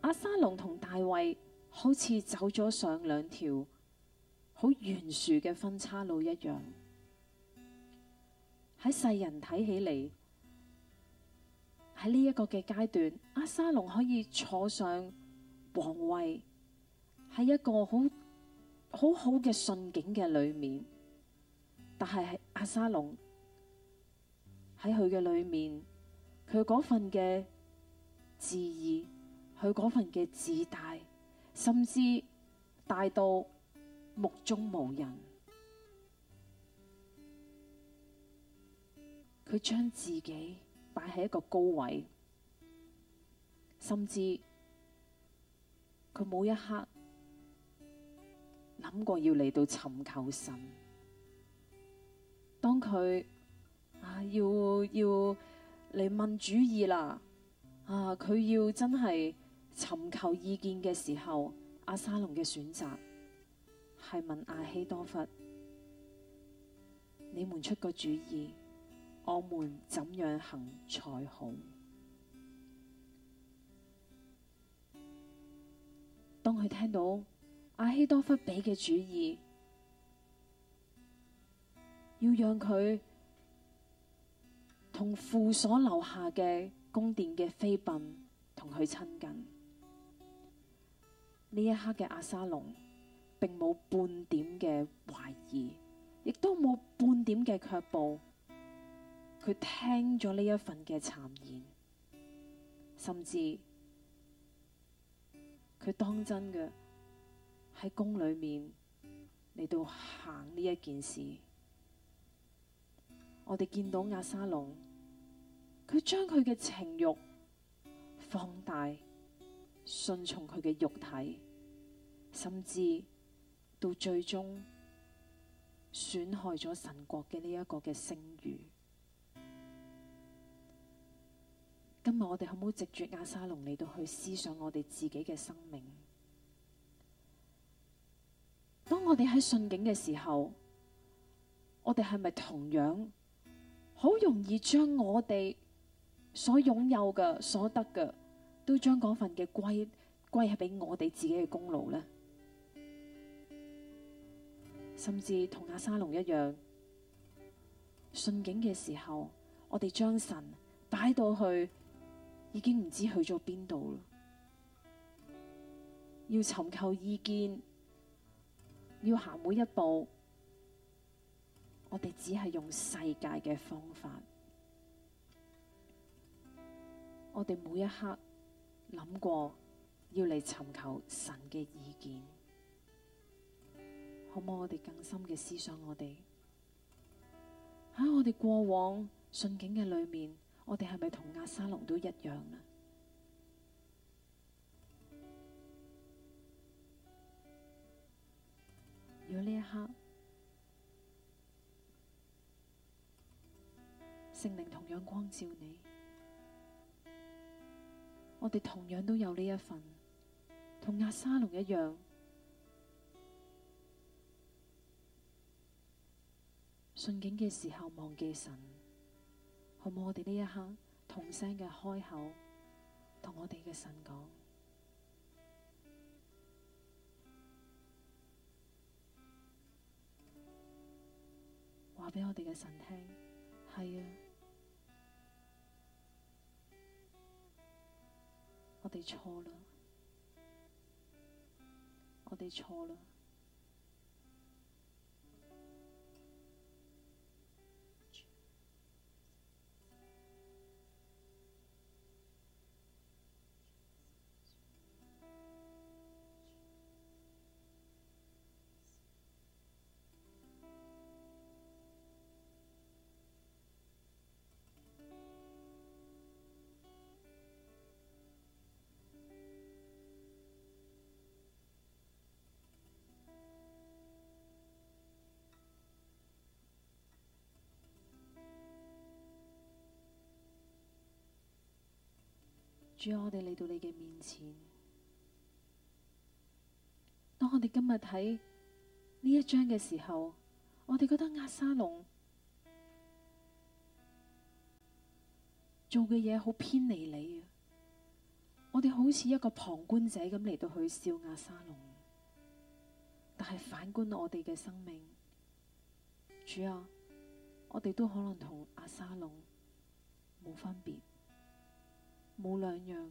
阿沙龍同大衛好似走咗上兩條好懸殊嘅分岔路一樣。喺世人睇起嚟，喺呢一個嘅階段，阿沙龍可以坐上皇位，喺一個好好好嘅順境嘅裏面。但係押沙龍喺佢嘅裏面，佢嗰份嘅自義，佢嗰份嘅自大，甚至大到目中無人。佢將自己擺喺一個高位，甚至佢冇一刻諗過要嚟到尋求神。當佢、啊、要要嚟問主意啦，啊佢要真係尋求意見嘅時候，阿沙龍嘅選擇係問阿希多弗，你們出個主意，我們怎樣行才好？當佢聽到阿希多弗俾嘅主意，要讓佢同父所留下嘅宮殿嘅妃嬪同佢親近，呢一刻嘅押沙龍並冇半點嘅懷疑，亦都冇半點嘅卻步。佢聽咗呢一份嘅讒言，甚至佢當真嘅喺宮裏面嚟到行呢一件事。我哋見到押沙龍，佢將佢嘅情欲放大，順從佢嘅肉體，甚至到最終損害咗神國嘅呢一個嘅聲譽。今日我哋可唔可以藉住押沙龍嚟到去思想我哋自己嘅生命，當我哋喺順境嘅時候，我哋係咪同樣？好容易將我哋所擁有嘅、所得嘅，都將嗰份嘅歸歸係俾我哋自己嘅功勞呢。甚至同押沙龍一樣，順境嘅時候，我哋將神擺到去，已經唔知去咗邊度啦。要尋求意見，要行每一步。我哋只係用世界嘅方法，我哋每一刻諗過要嚟尋求神嘅意見，好冇？我哋更深嘅思想我哋？喺我哋過往順境嘅裏面，我哋係咪同押沙龍都一樣？如果呢一刻。聖靈同樣光照你，我哋同樣都有呢一份，同阿沙龍一樣，順境嘅時候忘記神，好唔好我哋呢一刻同聲嘅開口，同我哋嘅神講，話俾我哋嘅神聽，係啊。我哋錯啦！我哋錯啦！主啊，我哋嚟到你嘅面前。當我哋今日睇呢一章嘅時候，我哋覺得阿沙龍做嘅嘢好偏離你啊！我哋好似一個旁觀者咁嚟到去笑阿沙龍，但係反觀我哋嘅生命，主啊，我哋都可能同阿沙龍冇分別。冇兩樣，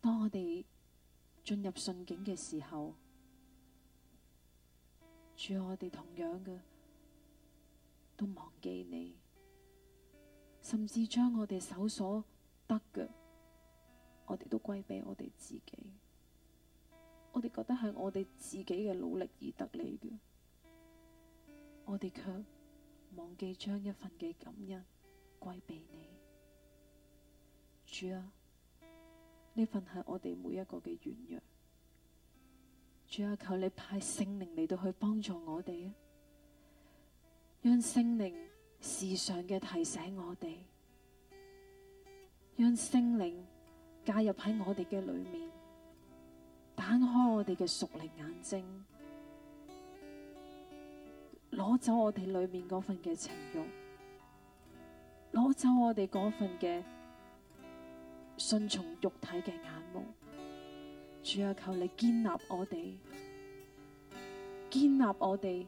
當我哋進入順境嘅時候，主要我哋同樣嘅都忘記你，甚至將我哋手所得嘅，我哋都歸畀我哋自己。我哋覺得係我哋自己嘅努力而得嚟嘅，我哋卻忘記將一份嘅感恩歸俾你。主啊，呢份係我哋每一個嘅軟弱。主啊，求你派聖靈嚟到去幫助我哋，啊，讓聖靈時常嘅提醒我哋，讓聖靈介入喺我哋嘅裏面，打開我哋嘅屬靈眼睛，攞走我哋裏面嗰份嘅情慾，攞走我哋嗰份嘅。順從肉體嘅眼目，主要求你建立我哋，建立我哋，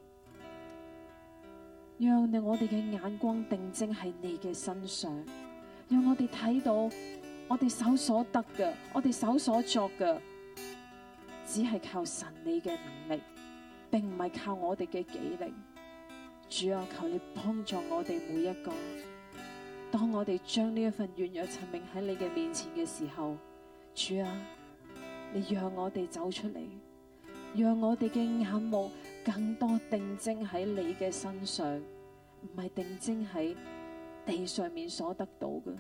讓令我哋嘅眼光定睛喺你嘅身上，讓我哋睇到我哋手所得嘅，我哋手所作嘅，只係靠神你嘅能力，並唔係靠我哋嘅己力。主要求你幫助我哋每一個。當我哋將呢一份軟弱陳明喺你嘅面前嘅時候，主啊，你讓我哋走出嚟，讓我哋嘅眼目更多定睛喺你嘅身上，唔係定睛喺地上面所得到嘅。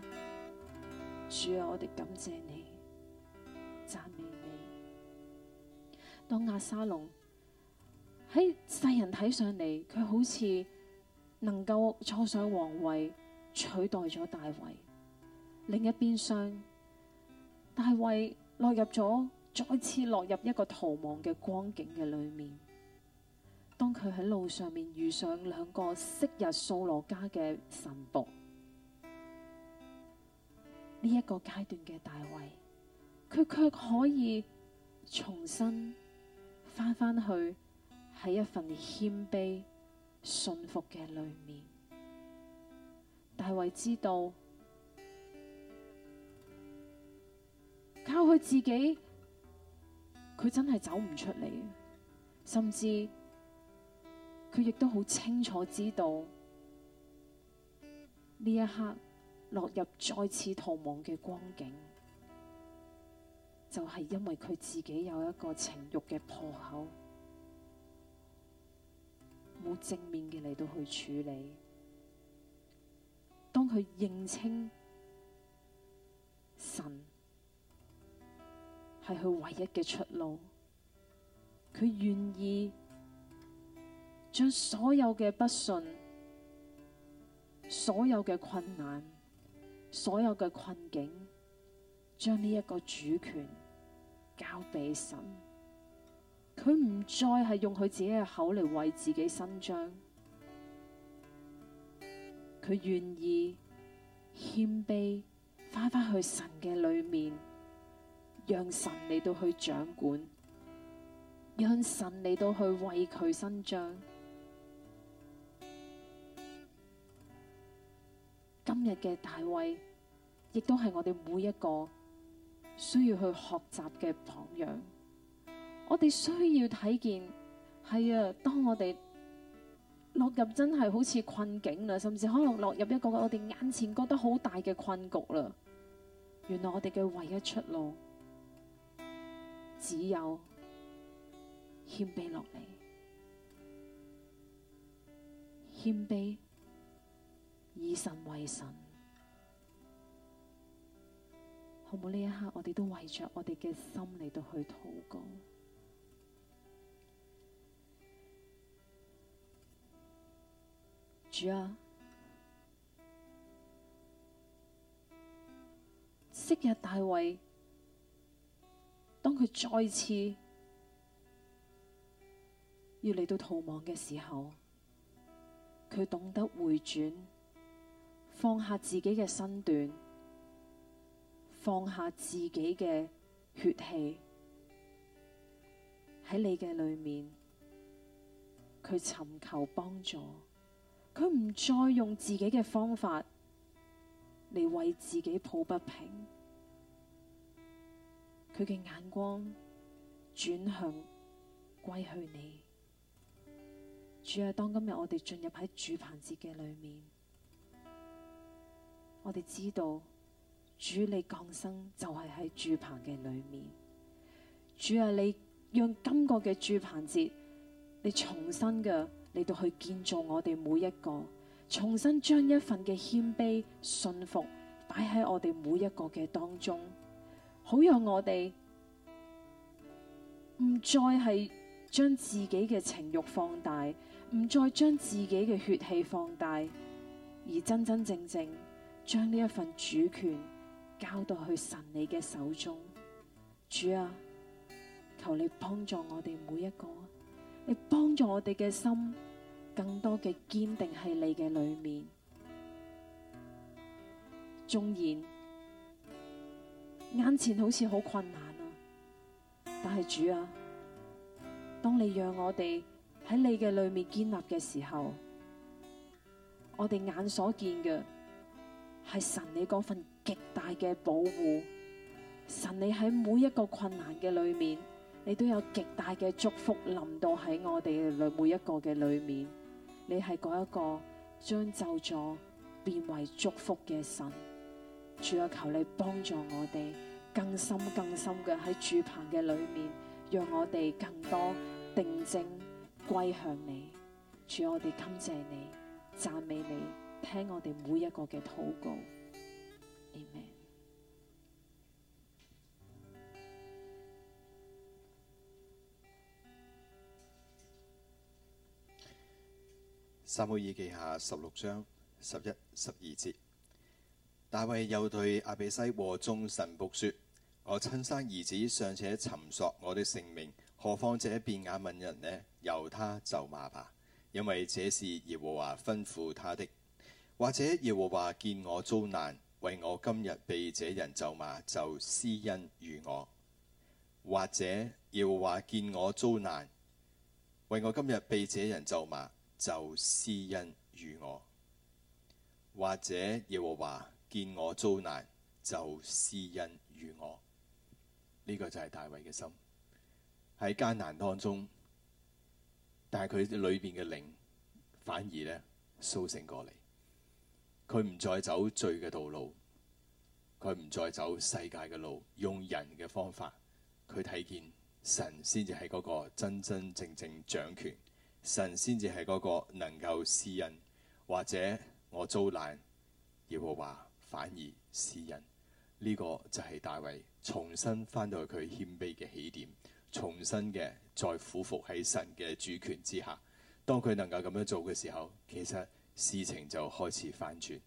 主啊，我哋感謝你，讚美你。當押沙龍喺世人睇上嚟，佢好似能夠坐上皇位。取代咗大衛，另一邊廂，大衛落入咗，再次落入一個逃亡嘅光景嘅裏面。當佢喺路上面遇上兩個昔日掃羅家嘅神僕，呢、這、一個階段嘅大衛，佢卻可以重新翻返去喺一份謙卑信服嘅裏面。大衛知道，靠佢自己，佢真係走唔出嚟。甚至佢亦都好清楚知道，呢一刻落入再次逃亡嘅光景，就係因為佢自己有一個情欲嘅破口，冇正面嘅嚟到去處理。當佢認清神係佢唯一嘅出路，佢願意將所有嘅不順，所有嘅困難，所有嘅困境，將呢一個主權交俾神，佢唔再係用佢自己嘅口嚟為自己伸張。佢願意謙卑，翻返去神嘅裏面，讓神嚟到去掌管，讓神嚟到去為佢伸張。今日嘅大衛，亦都係我哋每一個需要去學習嘅榜樣。我哋需要睇見，係啊，當我哋。落入真係好似困境啦，甚至可能落入一個我哋眼前覺得好大嘅困局啦。原來我哋嘅唯一出路，只有謙卑落嚟，謙卑以神為神，好唔好？呢一刻我哋都為着我哋嘅心嚟到去禱告。主啊，昔日大衛，當佢再次要嚟到逃亡嘅時候，佢懂得回轉，放下自己嘅身段，放下自己嘅血氣，喺你嘅裏面，佢尋求幫助。佢唔再用自己嘅方法嚟為自己抱不平，佢嘅眼光轉向歸去你。主係、啊、當今日我哋進入喺住棚節嘅裏面，我哋知道主你降生就係喺住棚嘅裏面。主係、啊、你讓今個嘅住棚節你重新嘅。嚟到去建造我哋每一個，重新將一份嘅謙卑、信服擺喺我哋每一個嘅當中，好讓我哋唔再係將自己嘅情慾放大，唔再將自己嘅血氣放大，而真真正正將呢一份主權交到去神你嘅手中。主啊，求你幫助我哋每一個，你幫助我哋嘅心。更多嘅堅定喺你嘅裏面，縱然眼前好似好困難啊，但係主啊，當你讓我哋喺你嘅裏面建立嘅時候，我哋眼所見嘅係神你嗰份極大嘅保護，神你喺每一個困難嘅裏面，你都有極大嘅祝福臨到喺我哋每每一個嘅裏面。你係嗰一個將咒詛變為祝福嘅神，主啊，求你幫助我哋更深更深嘅喺主棚嘅裏面，讓我哋更多定睛歸向你，主，我哋感謝你，讚美你，聽我哋每一個嘅禱告，Amen. 撒母耳記下十六章十一、十二節，大衛又對亞比篩和眾臣僕說：我親生兒子尚且尋索我的性命，何況這便雅憫人呢？由他咒罵吧，因為這是耶和華吩咐他的。或者耶和華見我遭難，為我今日被這人咒罵，就施恩於我；或者耶和華見我遭難，為我今日被這人咒罵。就施恩與我，或者耶和華見我遭難，就施恩與我，呢、這個就係大衛嘅心喺艱難當中，但係佢裏邊嘅靈反而咧甦醒過嚟，佢唔再走罪嘅道路，佢唔再走世界嘅路，用人嘅方法，佢睇見神先至係嗰個真真正正掌權。神先至係嗰個，能夠施恩，或者我遭難，而我話反而施恩。呢個就係大衛重新翻到去佢謙卑嘅起點，重新嘅再俯伏喺神嘅主權之下。當佢能夠咁樣做嘅時候，其實事情就開始翻轉，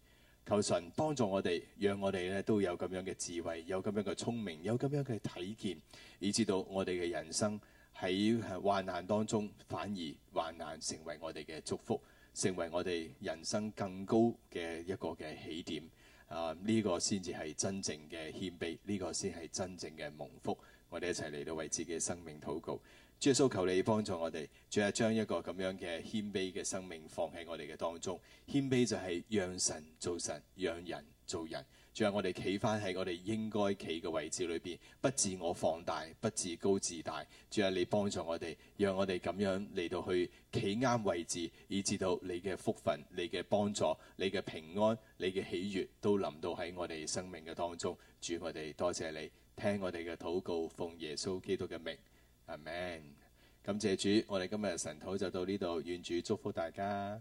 求神幫助我哋，讓我哋咧都有咁樣嘅智慧，有咁樣嘅聰明，有咁樣嘅睇見，以至到我哋嘅人生，喺患難當中，反而患難成為我哋嘅祝福，成為我哋人生更高嘅一個嘅起點。啊，呢個先至係真正嘅謙卑，呢個先係真正嘅蒙福。我哋一齊嚟到為自己嘅生命禱告。主耶穌，求你幫助我哋，早日將一個咁樣嘅謙卑嘅生命放喺我哋嘅當中。謙卑就係讓神做神，讓人做人。仲有我哋企翻喺我哋應該企嘅位置裏邊，不自我放大，不自高自大。仲有你幫助我哋，讓我哋咁樣嚟到去企啱位置，以至到你嘅福分、你嘅幫助、你嘅平安、你嘅喜悅都臨到喺我哋生命嘅當中。主，我哋多謝你，聽我哋嘅禱告，奉耶穌基督嘅名，阿門。感謝主，我哋今日晨禱就到呢度，願主祝福大家。